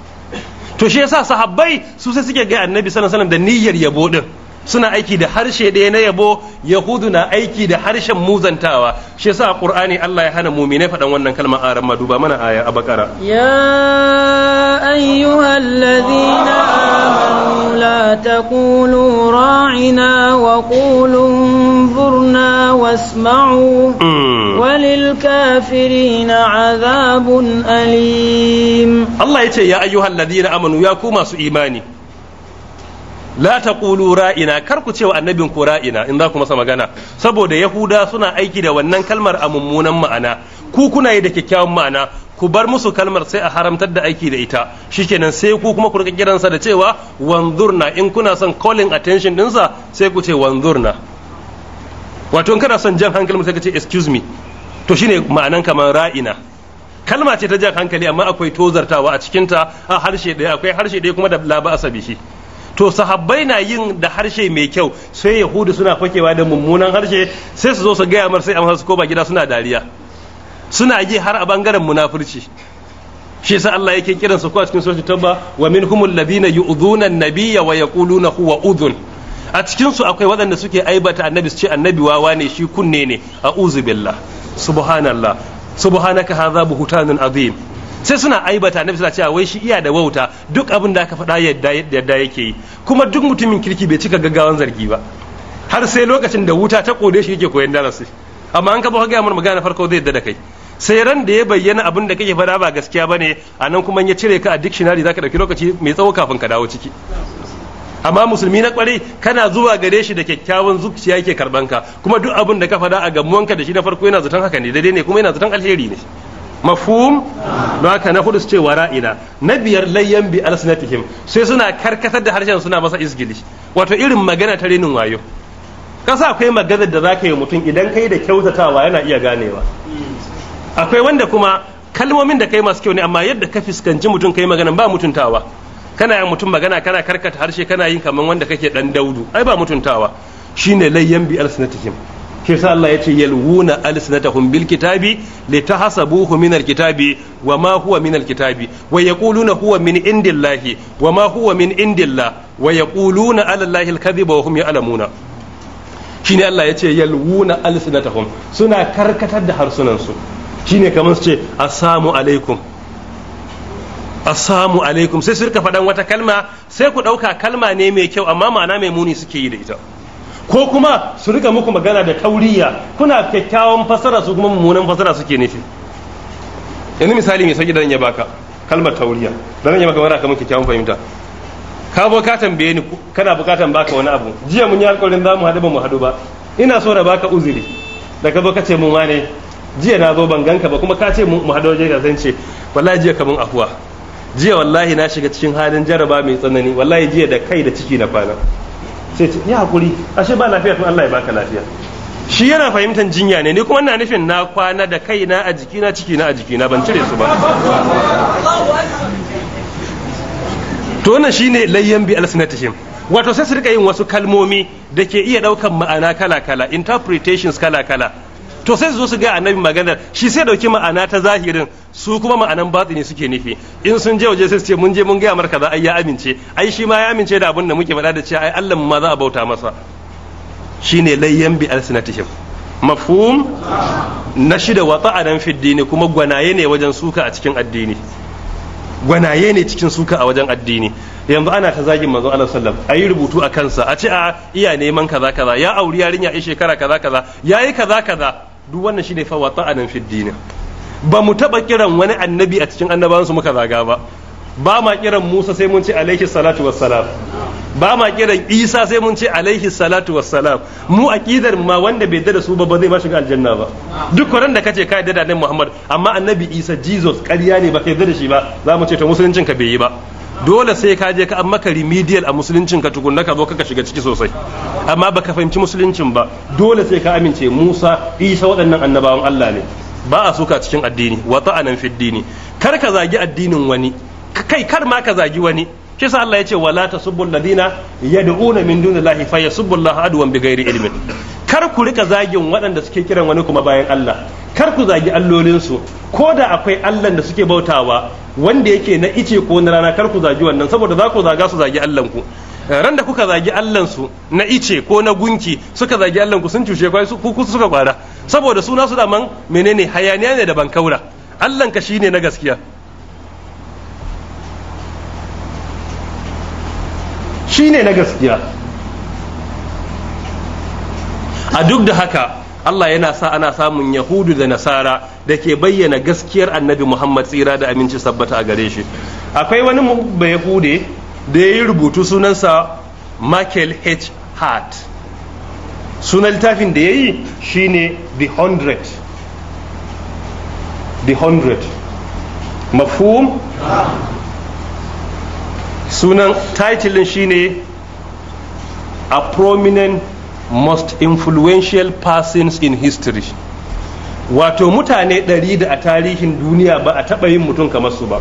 to shi yasa sahabbai su sai suke ga annabi sallallahu alaihi da niyyar yabo din suna aiki da harshe ɗaya na yabo yahudu na aiki da harshen muzantawa shi yasa a qur'ani Allah ya hana mu'mine faɗan wannan kalmar aran duba mana aya a bakara ya ayyuhallazina amanu ولا تقولوا راعنا وقولوا انظرنا واسمعوا وللكافرين عذاب أليم الله يتي يا أيها الذين آمنوا يا كوما إيماني la taqulu ra'ina kar ku cewa annabin ku ra'ina in za ku masa magana saboda yahuda suna aiki da wannan kalmar a mummunan ma'ana ku kuna yi da kyakkyawan ma'ana ku bar musu kalmar sai a haramtar da aiki da ita shikenan sai ku kuma ku rika kiransa da cewa wanzurna in kuna son calling attention dinsa sai ku ce wanzurna wato in kana son jan hankali sai ka ce excuse me to shine ma'anan kamar ra'ina kalma ce ta jan hankali amma akwai tozartawa a cikinta a harshe ɗaya akwai harshe ɗaya kuma da laba ba asabi shi to sahabbai na yin da harshe mai kyau sai yahudu suna fakewa da mummunan harshe sai su zo su gaya mar sai amsa su ba gida suna dariya suna yi har a bangaren munafurci shi yasa Allah yake kiran su ko a cikin sura tauba wa minhumul ladina yu'dhuna an-nabiyya wa yaquluna huwa udhun a cikin su akwai waɗanda suke aibata annabi su ce annabi wawa ne shi kunne ne a'udhu billah subhanallah subhanaka hadha buhtanun azim sai suna aibata na suna cewa wai shi iya da wauta duk abin da aka faɗa yadda yadda yake yi kuma duk mutumin kirki bai cika gaggawan zargi ba har sai lokacin da wuta ta kode shi yake koyan darasi amma an ka ba ga magana farko zai yadda da kai sai ran da ya bayyana abin da kake faɗa ba gaskiya ba ne a nan kuma ya cire ka a dictionary za ka ɗauki lokaci mai tsawo kafin ka dawo ciki amma musulmi na kwarai kana zuwa gare shi da kyakkyawan zuciya yake karban ka kuma duk abin da ka faɗa a gamuwanka da shi na farko yana zaton haka ne daidai ne kuma yana zaton alheri ne mafhum don haka na hudu su ce wara'ina na biyar layyan bi alsinatihim sai suna karkatar da harshen suna masa isgilish wato irin magana ta renin wayo kasa akwai magana da zaka yi mutum idan kai da kyautatawa yana iya ganewa akwai wanda kuma kalmomin da kai masu kyau ne amma yadda ka fuskanci mutum kai magana ba mutuntawa kana yin mutum magana kana karkata harshe kana yin kaman wanda kake dan daudu ai ba mutuntawa shine layyan bi alsinatihim shi sa Allah ya ce yalwuna alsinatahum bil kitabi litahsabuhu min al kitabi wa ma huwa min al kitabi wa yaquluna huwa min indillahi wa ma huwa min indillah wa yaquluna ala allahi al kadhiba wa hum ya'lamuna shine Allah ya ce yalwuna alsinatahum suna karkatar da harsunan su shine kamar su ce assalamu alaikum assalamu alaikum sai su rika faɗan wata kalma sai ku ɗauka kalma ne mai kyau amma ma'ana mai muni suke yi da ita ko kuma su rika muku magana da tauriya kuna kyakkyawan fasara su kuma mummunan fasara suke nufi yanzu misali mai sauki da ya baka kalmar tauriya da ya maka wara kamar kyakkyawan fahimta ka bo ka tambaye ni kana bukatan baka wani abu jiya mun yi alƙawarin za mu haɗu ba mu haɗu ba ina so na baka uzuri da ka zo ka ce mun wane jiya na zo ban ganka ba kuma ka ce mu haɗu waje da zan ce wallahi jiya kamun afuwa jiya wallahi na shiga cikin halin jaraba mai tsanani wallahi jiya da kai da ciki na kwana sai ce ya hakuri ashe ba lafiya to Allah ya baka lafiya shi yana fahimtar jinya ne ni kuma ina nufin na kwana da kaina a jikina cikina a jikina ban cire su ba to wannan shine layyan bi alsinatihim wato sai su rika yin wasu kalmomi da ke iya daukan ma'ana kala kala interpretations kala kala to sai su zo su ga annabi maganar shi sai dauki ma'ana ta zahirin su kuma ma'anan ne suke nufi in sun je waje sai su ce mun je mun gaya marka kaza a ya amince ai shi ma ya amince da abin da muke faɗa da cewa ai Allah ma za a bauta masa shine layyan bi alsinatihim mafhum na shida wa ta'adan fi dini kuma gwanaye ne wajen suka a cikin addini gwanaye ne cikin suka a wajen addini yanzu ana ta zagin manzo Allah wasallam ayi rubutu a kansa a ce a iya neman kaza kaza ya auri yarinya a shekara kaza kaza yayi kaza kaza duk wannan shi ne fa wa ta'anan fi ba mu taba kiran wani annabi a cikin su muka zaga ba ba ma kiran Musa sai mun ce alaihi salatu wassalam ba ma kiran Isa sai mun ce alaihi salatu wassalam mu aqidar ma wanda bai da su ba ba zai ba shiga aljanna ba duk koran da kace ka da nan Muhammad amma annabi Isa Jesus ƙarya ne ba kai da shi ba za mu ce to musuluncin ka bai yi ba dole sai ka je ka an maka remedial a musuluncin ka tukunna ka zo ka shiga ciki sosai amma baka fahimci musuluncin ba dole sai ka amince Musa Isa waɗannan annabawan Allah ne ba a suka cikin addini wa ta'anan fi kar ka zagi addinin wani kai kar ma ka zagi wani shi sa Allah ya ce wala tasubbu alladina yad'una min dunillahi fayasubbu Allah adwan bighairi ilmin kar ku rika zagin waɗanda suke kiran wani kuma bayan Allah kar ku zagi allolinsu ko da akwai Allah da suke bautawa wanda yake na ice ko na rana kar ku zagi wannan saboda za ku zaga su zagi Allah ku ran da kuka zagi allansu na ice ko na gunki suka zagi allanku sun cushe kwai su ku suka kwara saboda su da daman menene hayaniya ne da ban Allah allanka shine na gaskiya shine na gaskiya a duk da haka Allah yana sa ana samun Yahudu da Nasara da ke bayyana gaskiyar annabi Muhammad tsira da aminci sabbata a gare shi. Akwai wani Yahude da ya yi rubutu sunansa Michael H. Hart. Sunan littafin da ya yi shi ne The Hundred. The Hundred. Mafhum? Sunan titilin shi ne A Prominent most influential persons in history wato mutane ɗari da a tarihin duniya ba a taɓa yin mutum kamar su ba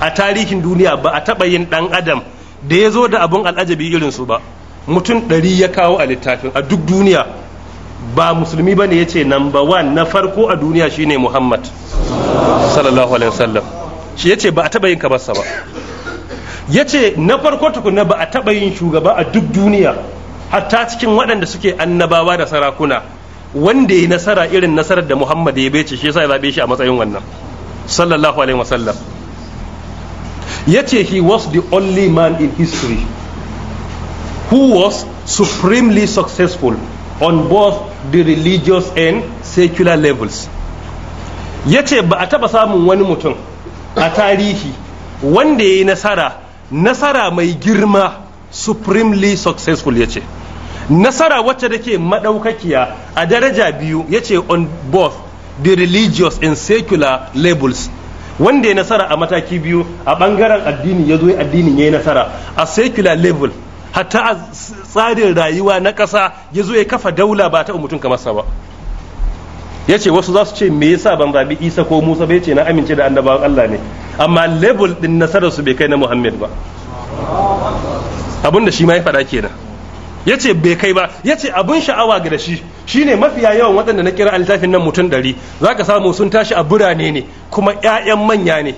a tarihin duniya ba a taɓa yin ɗan adam da ya zo da abun al'ajabi irin su ba mutum ɗari ya kawo a littafin a duk duniya ba musulmi ba ne ya ce number one na farko a duniya shine muhammad sallallahu alaihi wasallam shi ya ce ba a taɓa yin kamar sa ba ya ce na farko tukuna ba a taɓa yin shugaba a duk duniya hatta cikin waɗanda suke annabawa da sarakuna wanda ya nasara irin nasarar da Muhammad ya bece shi yasa ya zabe shi a matsayin wannan sallallahu alaihi wasallam yace he was the only man in history who was supremely successful on both the religious and secular levels yace ba a taba samun wani mutum a tarihi wanda ya yi nasara nasara mai girma supremely successful ya ce nasara wacce da ke maɗaukakiya a daraja biyu ya ce on both the religious and secular labels wanda ya nasara a mataki biyu a ɓangaren addini ya zo addinin ya yi nasara a secular level hatta a tsarin rayuwa na ƙasa ya zo ya kafa daula ba ta mutum kamar sa ba ya ce wasu za su ce me yasa ban zabi isa ko musa bai ce na amince da annabawan allah ne amma level din nasararsu su bai kai na muhammad ba abinda shi ma ya faɗa kenan ya ce bai kai ba ya ce abin sha'awa ga da shi shi ne mafiya yawan waɗanda na kira littafin nan mutum ɗari za ka samu sun tashi a birane ne kuma 'ya'yan manya ne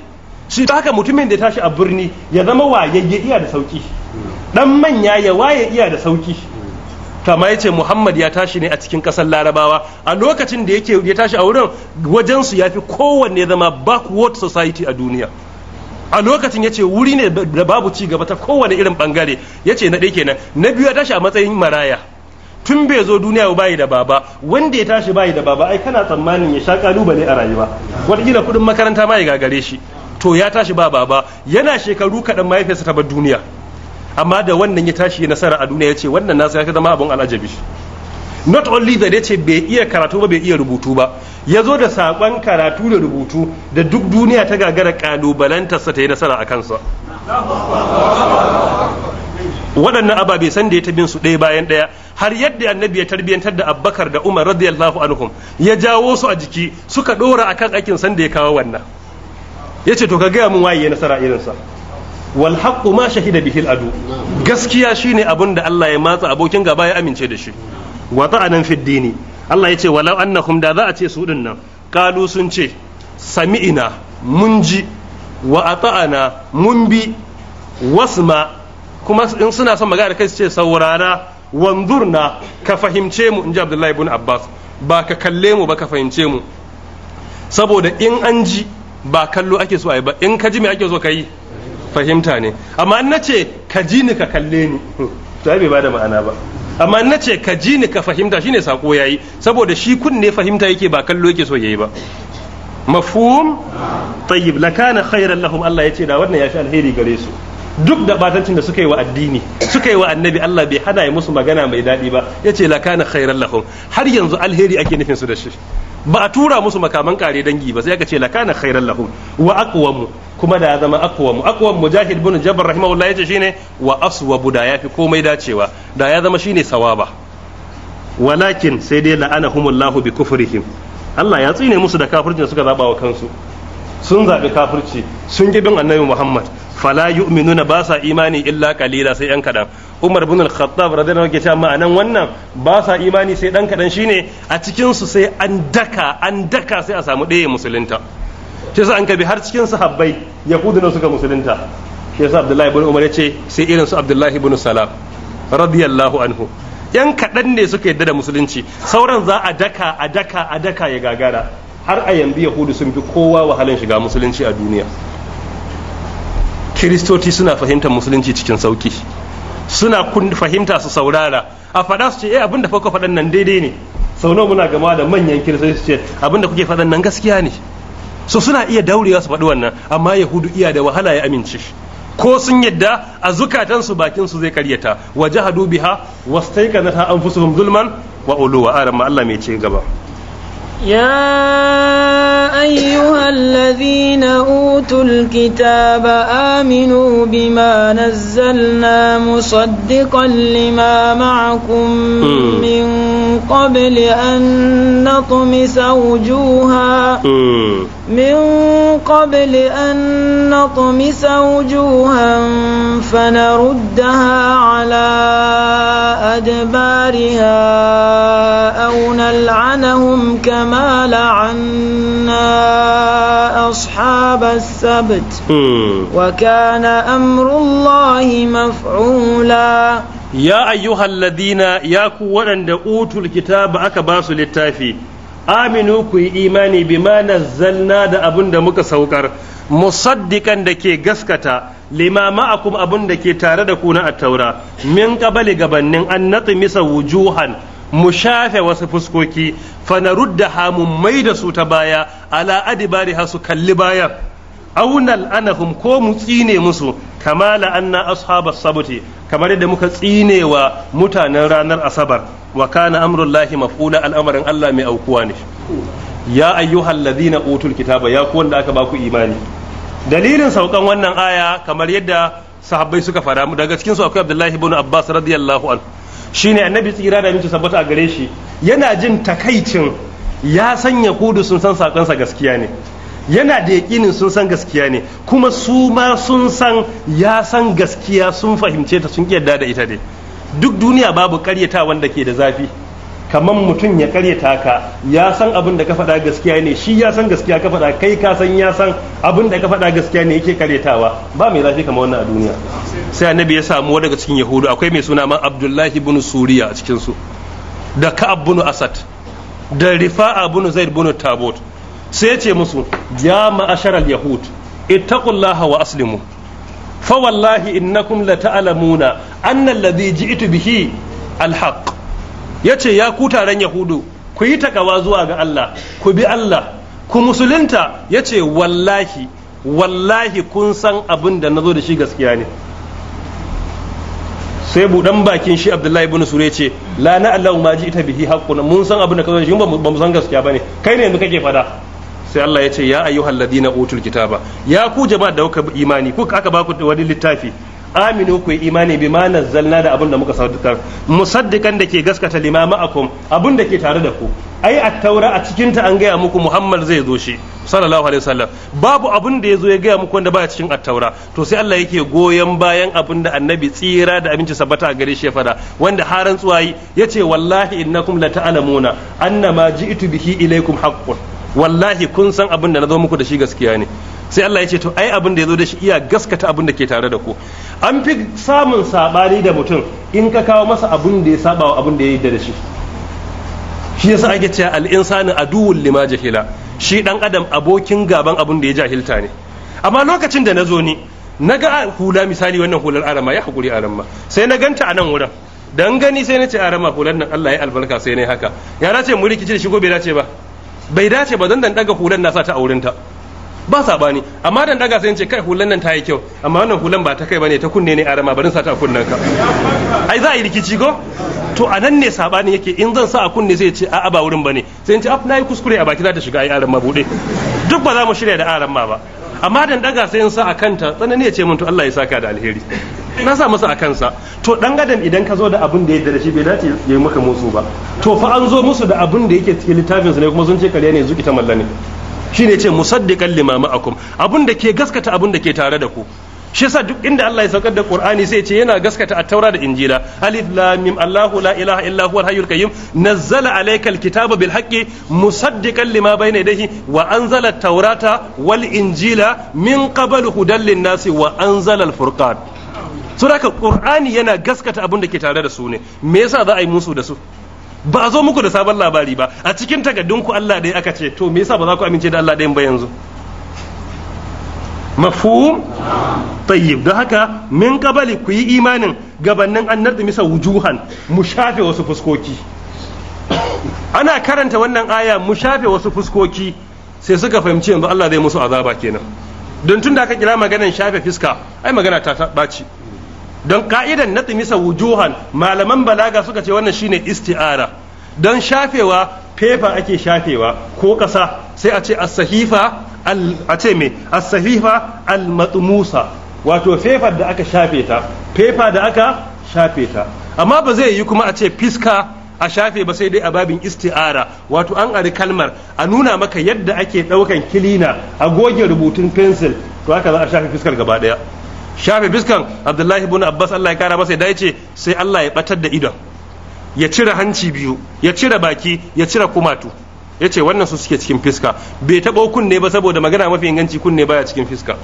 shi haka mutumin da ya tashi a birni ya zama wayayye iya da sauki dan manya ya waye iya da sauki kama ya ce muhammad ya tashi ne a cikin ƙasar larabawa a lokacin da yake ya tashi a wurin wajensu ya fi kowanne zama backward society a duniya a lokacin ya ce wuri ne da babu ci gaba ta kowane irin bangare ya ce na ɗaya kenan na biyu ya tashi a matsayin maraya tun bai zo duniya bayi da baba wanda ya tashi bayi da baba ai kana tsammanin ya sha kalubale a rayuwa gina kuɗin makaranta ma ya gagare shi to ya tashi ba baba yana shekaru kaɗan mahaifiyarsa ta bar duniya amma da wannan ya tashi nasara a duniya ya ce wannan nasa ya zama abun al'ajabi not only that ya ce bai iya karatu ba bai iya rubutu ba ya zo da saƙon karatu da rubutu da duk duniya ta gagara ƙalubalantarsa ta yi nasara a kansa waɗannan ababe san da ya bin su ɗaya bayan ɗaya har yadda annabi ya tarbiyantar da abbakar da umar radiyallahu anhum ya jawo su a jiki suka ɗora a kan aikin sanda ya kawo wannan ya ce to ka gaya mun waye nasara irinsa wal haqqu ma shahida bihil adu gaskiya shine abin da Allah ya matsa abokin gaba ya amince da shi wa ta'anan fid dini Allah ya ce walau annahum da za a ce su din nan kalu sun ce sami'ina mun ji wa ata'ana mun bi wasma kuma in suna son magana kai su ce saurara wanzurna ka fahimce mu in ji Abdullahi ibn Abbas ba ka kalle mu ba ka fahimce mu saboda in an ji ba kallo ake so a yi ba in ka ji me ake so ka yi fahimta ne amma in na ce ka ji ni ka kalle ni to ai bai bada ma'ana ba amma na ce ka ji ni ka fahimta shine sako yayi saboda shi kunne fahimta yake ba kallo yake so yayi ba mafhum tayyib lakana khairan lahum Allah yace da wannan yafi alheri gare su duk da batancin da suka yi wa addini suka yi wa annabi Allah bai hana ya musu magana mai daɗi ba ya ce la kana khairan lahum har yanzu alheri ake nufin su da shi ba a tura musu makaman kare dangi ba sai aka ce la kana khairan lahum wa aqwamu kuma da ya zama aqwamu aqwam mujahid bin jabr rahimahullah yace shine wa aswabu da yafi komai dacewa da ya zama shine sawaba walakin sai dai la'anahumullahu bi kufrihim Allah ya tsine musu da kafircin suka zaba wa kansu sun zaɓi kafirci sun ki bin annabi muhammad fala yu'minuna ba sa imani illa kalila sai yan kadan umar ibn al-khattab radiyallahu anhu cewa ma'anan wannan ba sa imani sai dan kadan shine a cikin su sai an daka an daka sai a samu ɗaya musulunta shi yasa an kabi har cikin sahabbai yahudu ne suka musulunta shi sa abdullahi ibn umar yace sai irin su abdullahi ibn salam radiyallahu anhu yan kadan ne suka yadda da musulunci sauran za a daka a daka a daka ya gagara har a yanzu yahudu sun fi kowa wahalan shiga musulunci a duniya kiristoci suna fahimtar musulunci cikin sauki suna fahimta su saurara a faɗa su ce eh abinda fa faɗan nan daidai ne sau nawa muna gama da manyan kiristoci su ce abinda kuke faɗan nan gaskiya ne so suna iya daurewa su faɗi wannan amma yahudu iya da wahala ya amince ko sun yadda a zukatansu bakin su zai karyata wa jahadu biha wastaiqanatha anfusuhum zulman wa uluwa aran Allah mai ce gaba يا أيها الذين أوتوا الكتاب آمنوا بما نزلنا مصدقا لما معكم من قبل أن نطمس وجوها من قبل أن نطمس وجوها فنردها على أدبارها أو نلعنهم كما لعنا أصحاب السبت وكان أمر الله مفعولا يا أيها الذين يا ورند أوتوا الكتاب أكباس للتافي aminu ku yi imani bi ma nazzalna da abun da muka saukar musaddikan da ke gaskata lima ma'akum abun da ke tare da ku na attaura min qabali gabannin an natmisa wujuhan mu shafe wasu fuskoki fa narudda hamun mai da su ta baya ala adibari hasu su kalli bayan aunal anahum ko mu tsine musu kama la'anna ashabas sabuti kamar yadda muka tsinewa mutanen ranar asabar wa kana amrullahi maf'ula al'amarin Allah mai aukuwa ne ya ayyuhal ladina utul kitaba ya ku wanda aka baku imani dalilin saukan wannan aya kamar yadda sahabbai suka fara mu daga cikin su akwai Abdullahi ibn Abbas radiyallahu anhu shine annabi tsira da minci sabbata a gare shi yana jin takaicin ya sanya kudu sun san sakansa gaskiya ne yana da yaƙinin sun san gaskiya ne kuma su ma sun san ya san gaskiya sun fahimce ta sun yarda da ita ne duk duniya babu karyata wanda ke da zafi kamar mutum ya karyata ka ya san abin da ka faɗa gaskiya ne shi ya san gaskiya ka faɗa kai ka san ya san abin da ka faɗa gaskiya ne yake karyatawa ba mai zafi kamar wannan a duniya sai annabi ya samu wani daga cikin yahudu akwai mai suna man abdullahi bin suriya a cikin su da ka'ab bin asad da rifa'a bin zaid bin tabot sai ya ce musu ya ma'ashar al-yahud ittaqullaha wa aslimu fa wallahi innakum lata'lamuna anna alladhi ji'tu bihi al-haq yace ya ku taren yahudu ku yi takawa zuwa ga Allah ku bi Allah ku musulunta yace wallahi wallahi kun san abin da nazo da shi gaskiya ne sai budan bakin shi abdullahi ibn sure ce la na allahu ma ji ita bihi haqquna mun san abin da kazo shi ba mu san gaskiya bane kai ne yanzu kake fada sai Allah ya ce ya ayyuhal ladina utul kitaba ya ku jama'a da kuka imani ku aka ba ku wani littafi aminu ku yi imani bi ma nazzalna da abin da muka saudaka musaddikan da ke gaskata limama akum abin da ke tare da ku ai at-taura a cikin ta an gaya muku Muhammad zai zo shi sallallahu alaihi wasallam babu abin da ya zo ya gaya muku wanda baya cikin at-taura to sai Allah yake goyon bayan abin da annabi tsira da abinci sabbata a gare shi ya fada wanda haran tsuwayi yace wallahi innakum lata'lamuna annama ji'tu bihi ilaikum haqqun wallahi kun san abin da na zo muku da shi gaskiya ne sai Allah ya ce to ai abin da ya zo da shi iya gaskata abin da ke tare da ku an fi samun sabani da mutum in ka kawo masa abin da ya saba wa abin da ya yi da shi shi yasa ake cewa al-insanu aduwwul lima jahila shi dan adam abokin gaban abin da ya jahilta ne amma lokacin da na zo ni na ga hula misali wannan hular arama ya hakuri arama sai na ganta a nan wurin dan gani sai na ce arama hular nan Allah ya albarka sai na haka ya ce mu rikici da shi gobe ce ba bai dace ba zan dan daga hulan na sa ta auren ta ba sabani amma dan daga sai in ce kai hulan nan ta yi kyau amma wannan hulan ba ta kai bane ta kunne ne a rama barin sa ta kunnen ka ai za a yi rikici ko to a nan ne sabani yake in zan sa a kunne sai ya ce a ba wurin bane sai ya ce af nayi kuskure a baki za ta shiga ai aran ma bude duk ba za mu shirya da aran ma ba amma dan daga sai in sa a kanta tsanani ya ce mun to Allah ya saka da alheri na sa masa a kansa to dan gadan idan ka zo da abin da ya da shi bai dace ya yi maka musu ba to fa an zo musu da abun da yake cikin littafin su ne kuma sun ce kare ne zuki ta mallane shine ce musaddiqan limama akum abin da ke gaskata abun da ke tare da ku shi yasa duk inda Allah ya saukar da Qur'ani sai ce yana gaskata a taura da injila alif lam mim Allahu la ilaha illa huwa al-hayyul qayyum nazzala alayka al-kitaba bil haqqi musaddiqan lima bayna yadayhi wa anzala at-taurata wal injila min qablu hudan lin-nasi wa anzala al-furqan so ka Qur'ani yana gaskata abin da ke tare da su ne me yasa za a yi musu da su ba a zo muku da sabon labari ba a cikin takaddunku Allah daya aka ce to me yasa ba za ku amince da Allah dai ba yanzu mafhum tayyib da haka min kabali ku yi imanin gabanin an nardi misa wujuhan mu shafe wasu fuskoki ana karanta wannan aya mu shafe wasu fuskoki sai suka fahimci yanzu Allah zai musu azaba kenan don tun da aka kira maganan shafe fiska ai magana ta baci. don ka'idan na wujuhan malaman balaga suka ce wannan shine isti'ara don shafewa fefa ake shafewa ko ƙasa sai a ce as-sahifa a ce me as-sahifa al-matmusa wato fefar da aka shafe ta fefa da aka shafe ta amma ba zai yi kuma a ce fiska a shafe ba sai dai a babin isti'ara wato an ari kalmar a nuna maka yadda ake ɗaukan kilina a goge rubutun fensil to haka za a shafe fiskar gaba ɗaya shafe fiskan abdullahi ibn abbas allah ya kara masa ya dace sai allah ya batar da idon ya cire hanci biyu ya cire baki ya cire kumatu ya ce wannan su suke cikin fiska bai taɓa kunne ba saboda magana mafi inganci kunne baya cikin fiska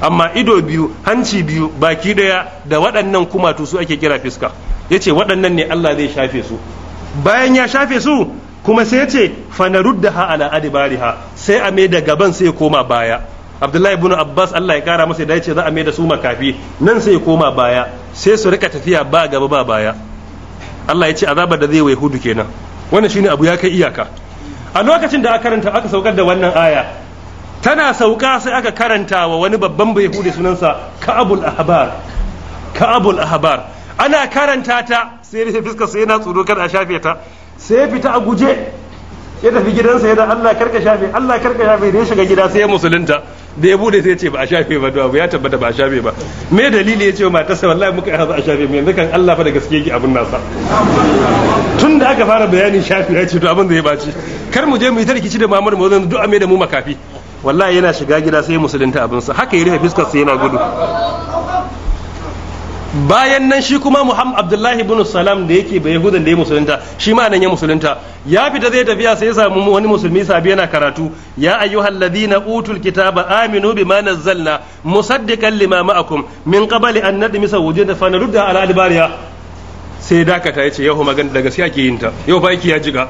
amma ido biyu hanci biyu baki ɗaya da waɗannan kumatu su ake kira fiska ya ce waɗannan ne Allah zai shafe su bayan ya shafe su kuma sai ya ce da ha ala ha sai a da gaban sai koma baya abdullahi ibn abbas allah ya kara masa da ce za a da su makafi nan sai koma baya sai su rika tafiya ba gaba ba baya allah ya ce azabar da zai wai hudu kenan wannan shine abu ya kai iyaka a lokacin da aka karanta aka saukar da wannan aya tana sauka sai aka karanta wa wani babban bai hude sunansa ka'abul ahbar ka'abul ahbar ana karanta ta sai rufe fuskar sai yana tsoro kada a shafe ta sai fita a guje ya tafi gidansa yana Allah karka shafe Allah karka shafe da ya shiga gida sai ya musulunta da ya bude sai ce ba a shafe ba da ya tabbata ba a shafe ba me dalili ya ce wa matarsa wallahi muka yi a shafe mai nukan Allah fa da gaske yake abin nasa tun da aka fara bayanin shafe ya ce to abin da ya baci kar mu je mu yi ta rikici da mamar mu zan du'a mai da mu makafi wallahi yana shiga gida sai musulunta abin sa haka ya rufe fuskar sa yana gudu bayan nan shi kuma muhammad abdullahi bin salam da yake bai yahudan da ya musulunta shi ma nan ya musulunta ya fita zai tafiya sai ya samu wani musulmi sabi yana karatu ya ayyuhal na utul kitaba aminu bima nazzalna musaddiqan lima ma'akum min qabli an nadmisa wujudan fa narudda ala albariya sai dakata yace yau magana da gaskiya ke yin ta yau fa yake ya jiga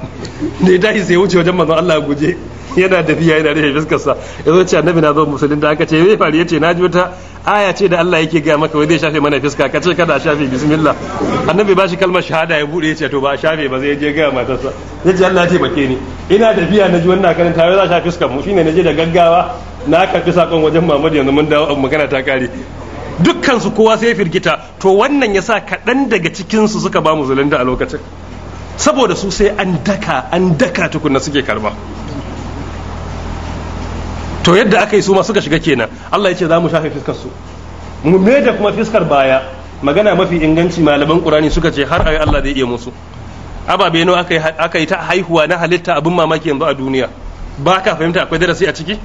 ne [LAUGHS] dai sai wuce wajen manzon Allah guje yana tafiya yana rufe fuskarsa ya zo ce annabi na zo musulun da aka ce me faru yace na ji wata aya ce da Allah yake ga maka wai zai shafe mana fuska ka ce kada a shafe bismillah annabi ba shi kalmar shahada ya bude yace to ba a shafe ba zai je ga matarsa yace Allah ya taimake ni ina tafiya na ji wannan karanta tare za a shafe fuskar mu shine na je da gaggawa na karbi sakon wajen Muhammad yanzu mun dawo magana ta kare dukkansu kowa sai firgita to wannan yasa kaɗan daga cikinsu suka ba mu zulunda a lokacin saboda su sai an daka an daka tukunna suke karba to yadda aka yi su ma suka shiga kenan Allah ya ce za mu shafe fiskar su mu me da kuma fiskar baya magana mafi inganci malaman Qur'ani suka ce har ayi Allah zai iya musu ababe nawa aka yi aka yi ta haihuwa na halitta abin mamaki yanzu a duniya ba ka fahimta akwai darasi a ciki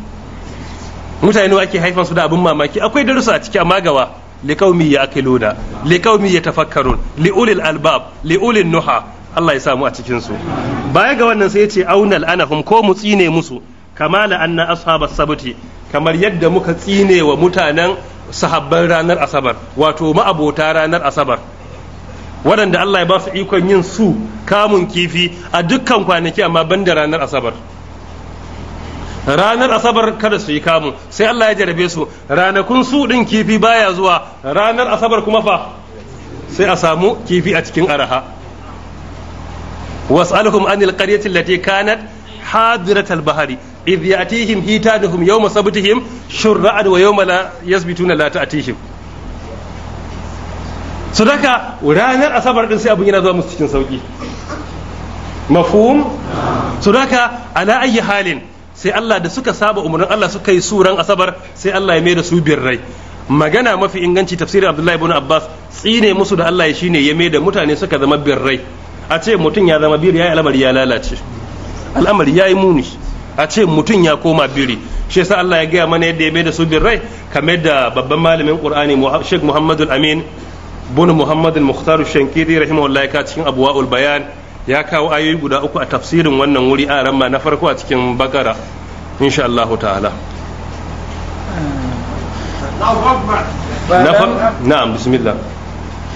mutane nawa ake haifan su da abin mamaki akwai darasi a ciki amma gawa li qaumi yaqiluna tafakkarun yatafakkarun ulil albab li ulil nuha Allah ya samu a cikin su baya ga wannan sai ya ce aunal anahum ko mu tsine musu kama la'anna ashabas sabti kamar yadda muka tsine wa mutanen sahabban ranar asabar wato ma'abota ranar asabar waɗanda Allah ya ba su ikon yin su kamun kifi a dukkan kwanaki amma ban da ranar asabar ranar asabar kada su yi kamun sai Allah ya jarabe su ranakun su ɗin kifi baya zuwa ranar asabar kuma fa sai a samu kifi a cikin araha wasu anil qaryati allati kanat hadiratal bahari idh ya'tihim hitanuhum yawma sabtihim shur'an wa yawma la yasbituna la ta'tihim su ranar asabar din sai abin yana zuwa musu cikin sauki mafhum su ala ayi halin sai Allah da suka saba umarnin Allah suka yi suran asabar sai Allah ya mai da su biyar rai magana mafi inganci tafsirin Abdullahi ibn Abbas tsine musu da Allah ya shine ya mai da mutane suka zama biyar rai a ce mutum ya zama biyar yayi al'amari ya lalace al'amari yayi muni a ce mutum ya koma biri shi yasa Allah ya gaya mana yadda ya mai da su birrai kamar da babban malamin Qur'ani Sheikh Muhammadul Amin bin Muhammad al-Mukhtar shankiri rahimahullah ka cikin Abwaul Bayan ya kawo ayoyi guda uku a tafsirin wannan wuri a ramma na farko a cikin Bakara insha Allah ta'ala hmm. na'am bismillah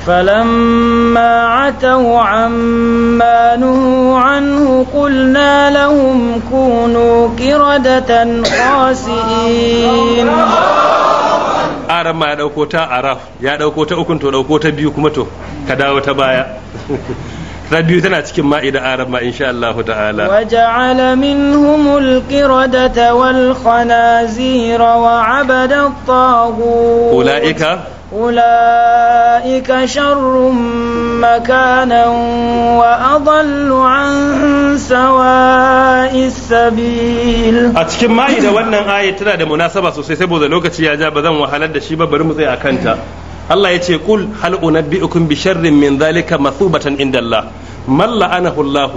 فلما عتوا عما نهوا عنه قلنا لهم كونوا كردة خاسئين aran ma ya ɗauko ta araf ya ɗauko ta ukun to ta biyu kuma to ka dawo ta baya [LAUGHS] ta biyu tana cikin ma'ida arab ma insha Allah ta'ala wa ja'ala minhumul qiradata wal khanazira wa abada at-taghut ulaika أولئك شر مكانا وأضل عن سواء a cikin ma'ida wannan aya tana da munasaba sosai saboda lokaci ya ja ba zan wahalar da shi ba bari mu tsaya a kanta Allah ya ce kul hal unabbi'ukum bi sharrin min dhalika mathubatan inda Allah man la'anahu Allah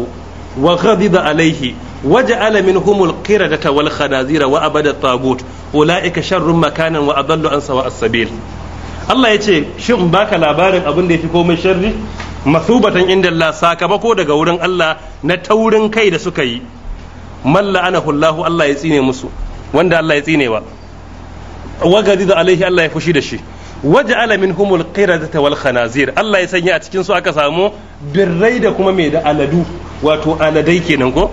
wa ghadiba alayhi wa ja'ala minhumul qiradata wal khanazira wa abada tagut ulaika sharrun makanan wa adallu an sawa as-sabil Allah ya ce shin baka labarin abin da yafi komai sharri mathubatan inda Allah sakamako daga wurin Allah na taurin kai da suka yi man la'anahu Allah Allah ya tsine musu wanda Allah ya tsinewa wa ghadiba alayhi Allah ya fushi da shi waja'ala minhumul qiradata wal khanazir Allah ya sanya a cikin su aka samu birrai da kuma mai da aladu wato aladai kenan ko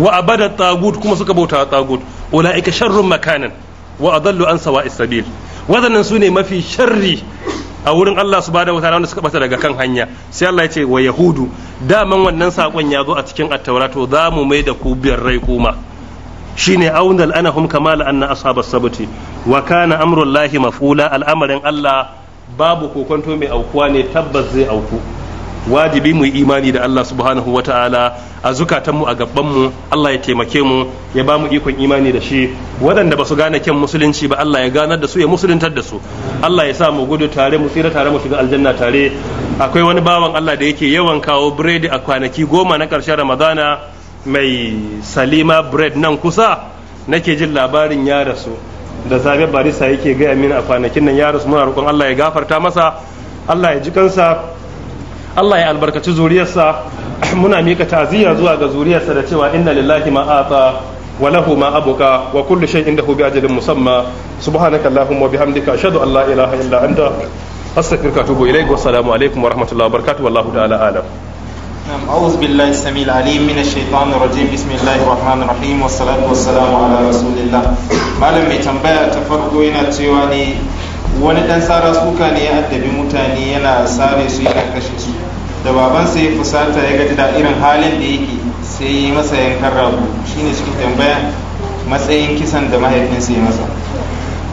wa abada tagut kuma suka bauta tagut ulaika sharrun makanan wa adallu an sawa'is sabil wadannan sune mafi sharri a wurin Allah subhanahu wataala wanda suka bata daga kan hanya sai Allah ya ce wa yahudu daman wannan sakon ya zo a cikin at to za mu mai da ku birrai kuma Shi shine aunal anahum kama la'anna ashabas sabti wa kana amrullahi mafula al'amarin Allah babu kokonto mai aukuwa ne tabbas zai auku wajibi mu imani da Allah subhanahu wa ta'ala a zukatanmu a gabanmu Allah ya taimake mu ya ba mu ikon imani da shi waɗanda ba su gane kyan musulunci ba Allah ya ganar da su ya musuluntar da su Allah ya sa mu gudu tare mu tsira tare mu shiga aljanna tare akwai wani bawan Allah da yake yawan kawo biredi a kwanaki goma na ƙarshen Ramadana mai salima bread nan kusa nake jin labarin ya rasu da safe barisa yake gaya mini a kwanakin nan ya rasu muna roƙon Allah ya gafarta masa Allah ya ji kansa Allah ya albarkaci zuriyarsa [CLEARS THROAT] muna mika ta'aziyya zuwa ga zuriyarsa da cewa inna lillahi ma ata wa lahu ma abuka wa kullu shay'in indahu bi ajalin musamma subhanaka allahumma wa bihamdika ashhadu an la ilaha illa anta astaghfiruka wa atubu ilayk wa assalamu alaikum wa rahmatullahi wa barakatuh wallahu ta'ala alam نعم أعوذ بالله السميع العليم من الشيطان الرجيم بسم الله الرحمن الرحيم والصلاة والسلام على رسول الله malam mai tambaya ta farko yana cewa wani dan tsara suka ne ya addabi mutane yana sare su yana kashe su da baban sai fusata ya gaji da irin halin da yake sai yi masa yankan rago shine suke tambaya matsayin kisan da mahaifinsa ya masa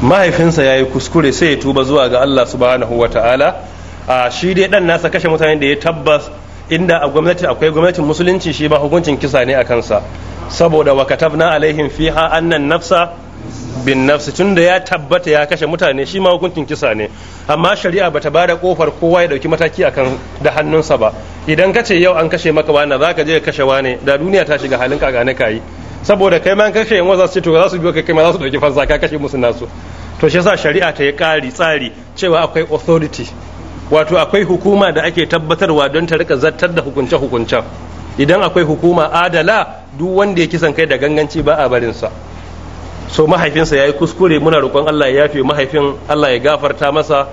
mahaifinsa ya yi kuskure sai ya tuba zuwa ga Allah subhanahu wa ta'ala a shi dai dan nasa kashe mutane da ya tabbas inda a gwamnati akwai gwamnatin musulunci shi ma hukuncin kisa ne a kansa saboda wa katabna alaihim fiha annan nafsa bin nafsi tunda ya tabbata ya kashe mutane shi ma hukuncin kisa ne amma shari'a ba bata bada kofar kowa ya dauki mataki akan da hannunsa ba idan ka ce yau an kashe maka wani zaka je ka kashe wani da duniya ta shiga halin kagane kai saboda kai ma kashe yan wasu su ce to za su biyo kai kai ma za su dauki fansa ka kashe musu nasu to shi yasa shari'a ta yi kari tsari cewa akwai authority wato akwai hukuma da ake tabbatarwa don ta rika zartar da hukunce-hukuncen idan akwai hukuma adala duk wanda ya kisan kai da ganganci ba a barinsa so mahaifinsa ya yi kuskure muna roƙon Allah ya yafe mahaifin Allah ya gafarta masa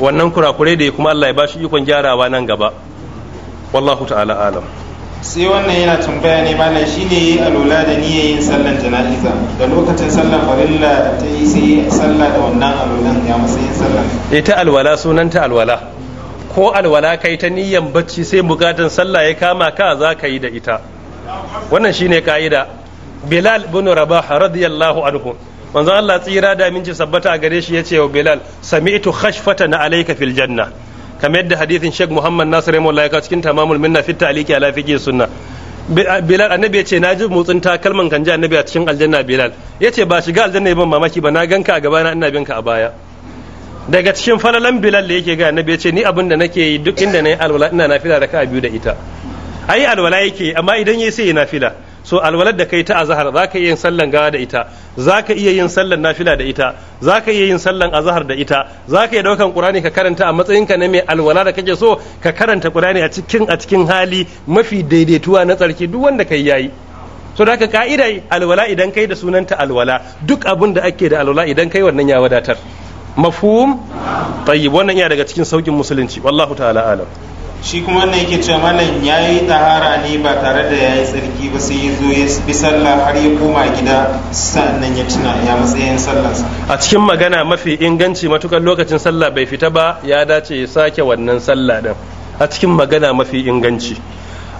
wannan kurakurai da ya kuma Allah ya bashi ikon gyarawa nan gaba wallahu ta'ala alam sai wannan yana tambaya ne malam shine alola da niyayin sallan jana'iza da lokacin sallan farilla ta yi sai sallah da wannan alulan ya yin sallan ita alwala sunanta alwala ko alwala kai ta niyyan bacci sai bukatar sallah ya kama ka za ka yi da ita wannan shi shine ka'ida bilal bin rabah radiyallahu anhu manzon Allah tsira da minci sabbata a gare shi yace wa bilal sami'tu na alayka fil janna kamar yadda hadithin Sheikh Muhammad Nasir Molla ya cikin tamamul minna fit ta'liqi ala fiqhi sunna Bilal annabi ya ce na ji motsin takalman kan ji annabi a cikin aljanna Bilal ya ce ba shiga aljanna ban mamaki ba na ganka a gaba na bin ka a baya daga cikin falalan bilal da yake ga annabi ya ce ni abin da nake yi duk inda na yi alwala ina nafila da ka biyu da ita ai alwala yake amma idan yayi sai ya nafila so alwalar da kai ta azhar zaka iya yin sallan gawa da ita zaka iya yin sallan nafila da ita zaka iya yin sallan azhar da ita zaka iya daukan qur'ani ka karanta a matsayin ka na mai alwala da kake so ka karanta qur'ani a cikin a cikin hali mafi daidaituwa na tsarki duk wanda kai yayi so da ka'ida alwala idan kai da sunanta alwala duk abin da ake da alwala idan kai wannan ya wadatar mafhum tayyib wannan iya daga cikin saukin musulunci wallahu ta'ala alam shi kuma wannan yake cewa malam ya tahara ne ba tare da ya yi tsarki ba sai yazo zo ya bi sallah har ya koma gida sannan ya tuna ya matsayin sallarsa a cikin magana mafi inganci matukar lokacin sallah bai fita ba ya dace ya sake wannan sallah din a cikin magana mafi inganci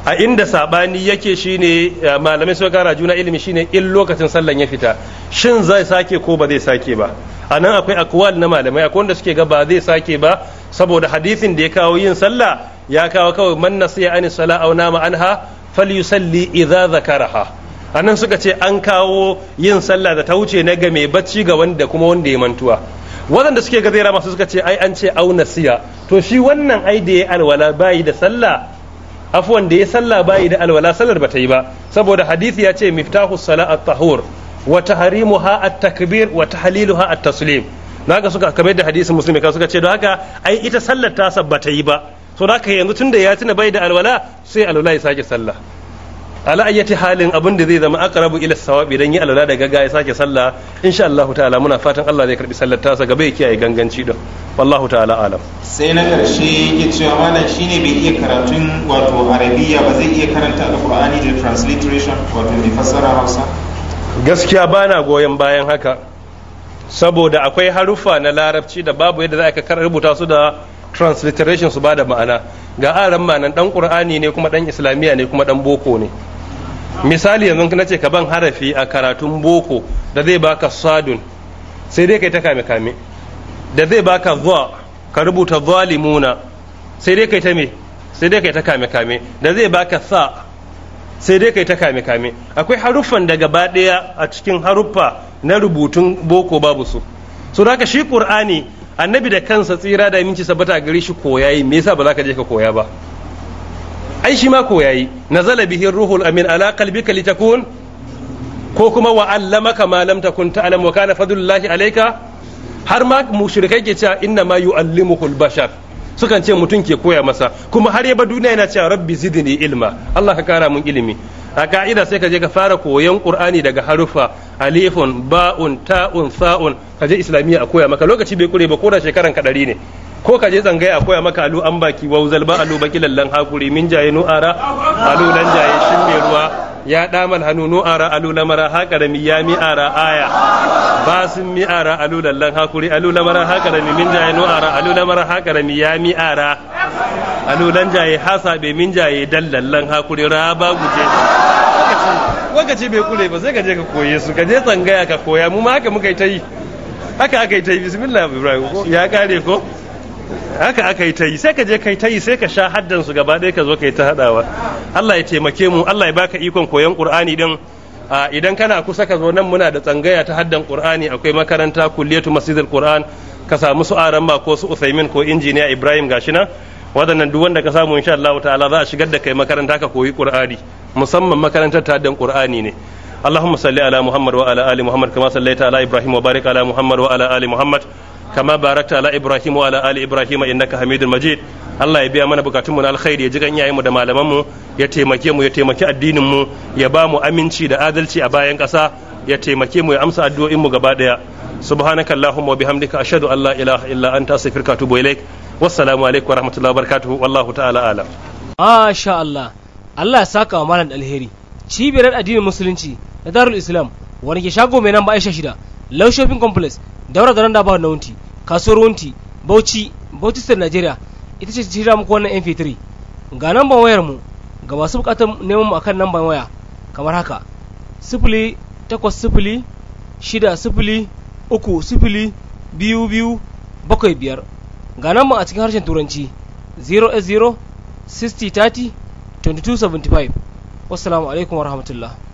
a inda sabani yake shine eh, malamai suka kara juna ilimi shine in lokacin sallan ya fita shin zai sake ko ba zai sake ba Anan akwai akwal na malamai akwai wanda suke ga ba zai sake ba saboda hadisin da ya kawo yin sallah ya kawo kawai man nasiya ani sala aw nama anha falyusalli idza zakaraha anan suka ce an kawo yin sallah da ta wuce na ga mai bacci ga wanda kuma wanda ya mantuwa waɗanda suke ga zai masu suka ce ai an ce au nasiya to shi wannan ai da ya alwala bayi da sallah afwan da ya sallah bayi da alwala sallar ba ta yi ba saboda hadisi ya ce miftahu salat at-tahur wa tahrimuha at-takbir wa tahliluha at-taslim naga suka kamar da hadisin muslimi ka suka ce don haka ai ita sallar ta sabbata yi ba so da yanzu tunda ya tuna bai da alwala sai alwala ya sake sallah ala ayyati halin abin da zai zama aqrabu ila sawab idan ya alwala da gaga ya sake sallah insha Allah ta'ala muna fatan Allah zai karbi sallar tasa gaba ya kiyaye ganganci din wallahu ta'ala alam sai na karshe ya ce shine bai iya karatun wato arabiya ba zai iya karanta alqur'ani da transliteration wato da fassara hausa gaskiya ba na goyon bayan haka saboda akwai haruffa na larabci da babu yadda za ka rubuta su da transliteration su ba da ma'ana ga aran nan dan qur'ani ne kuma dan islamiyya ne kuma dan boko ne misali yanzu na ce ka ban harafi a karatun boko da zai baka sadun sai dai kai ta kame kame da zai baka zuwa ka rubuta zalimuna sai dai kai ta me sai dai kai ta kame kame da zai baka sa sai dai kai ta kame kame akwai haruffan da gaba ɗaya a cikin haruffa na rubutun boko babu su so ka shi qur'ani annabi da kansa tsira da minci sabata gare shi koyayi me yasa ba za ka je ka koya ba ai shi ma koyayi nazala bihi ruhul amin ala qalbika litakun ko kuma wa allamaka ma lam takun ta'lam wa kana fadlullahi alayka har ma mushrikai ke cewa inna ma yu'allimuhu bashar sukan ce mutum ke koya masa kuma har ya ba duniya yana cewa rabbi zidni ilma Allah ka kara mun ilimi a ka'ida sai ka je ka fara koyon qur'ani daga harufa alifun ba'un ta'un sa'un ka je islamiyya a koya maka lokaci bai kure ba ko da shekaran ka ɗari ne ko ka je tsangaya a koya maka alu an baki wa zalba alu baki lallan hakuri min jaye ara alu lan jaye shin ruwa ya damal hannu nu ara alu lamara ha karami ya mi ara aya ba sun mi ara alu lallan hakuri alu lamara ha karami min jaye nu ara alu lamara ha karami ya mi ara alu lan jaye ha be min jaye lallan hakuri ra ba guje ce bai kure ba sai ka je ka koye su ka je tsangaya ka koya mu ma haka muka yi ta yi haka aka yi ta yi bismillah ibrahim ya kare ko haka aka yi ta yi sai ka je kai ta yi sai ka sha haddan su gaba ɗaya ka zo kai ta hadawa Allah ya taimake mu Allah ya baka ikon koyon Qur'ani din idan kana kusa ka zo nan muna da tsangaya ta haddan Qur'ani akwai makaranta kulliyatu masjidil Qur'an ka samu su aramma ko su Uthaymin ko injiniya Ibrahim gashi nan waɗannan duk wanda ka samu insha Allah ta'ala za a shigar da kai makaranta ka koyi Qur'ani musamman makarantar ta haddan Qur'ani ne اللهم صل على محمد وعلى ال محمد كما صليت على ابراهيم وبارك على محمد وعلى ال محمد kama barakta ala ibrahim wa ala ali ibrahim innaka hamidul majid Allah ya biya mana mu na alkhairi ya ji ganyayen mu da malaman mu ya taimake mu ya taimaki addinin mu ya ba mu aminci da adalci a bayan kasa ya taimake mu ya amsa addu'o'in mu gaba daya subhanaka allahumma wa bihamdika ashhadu an la ilaha illa anta astaghfiruka wa atubu ilaik wassalamu alaikum wa rahmatullahi wa barakatuh wallahu ta'ala alam masha Allah Allah ya saka wa malam alheri cibiyar addinin musulunci da darul islam wani ke shago mai nan ba aisha shida law shopping complex daura da da ba wani wunti kasuwar wunti bauchi bauchi state nigeria ita ce shirya muku wannan mp3 ga namban wayar mu ga masu bukatar neman mu akan namban waya kamar haka sifili takwas sifili shida sifili uku sifili biyu biyu bakwai biyar ga namban a cikin harshen turanci 0 0 60 30 22 75 wasu wassalamu alaikum rahmatullah.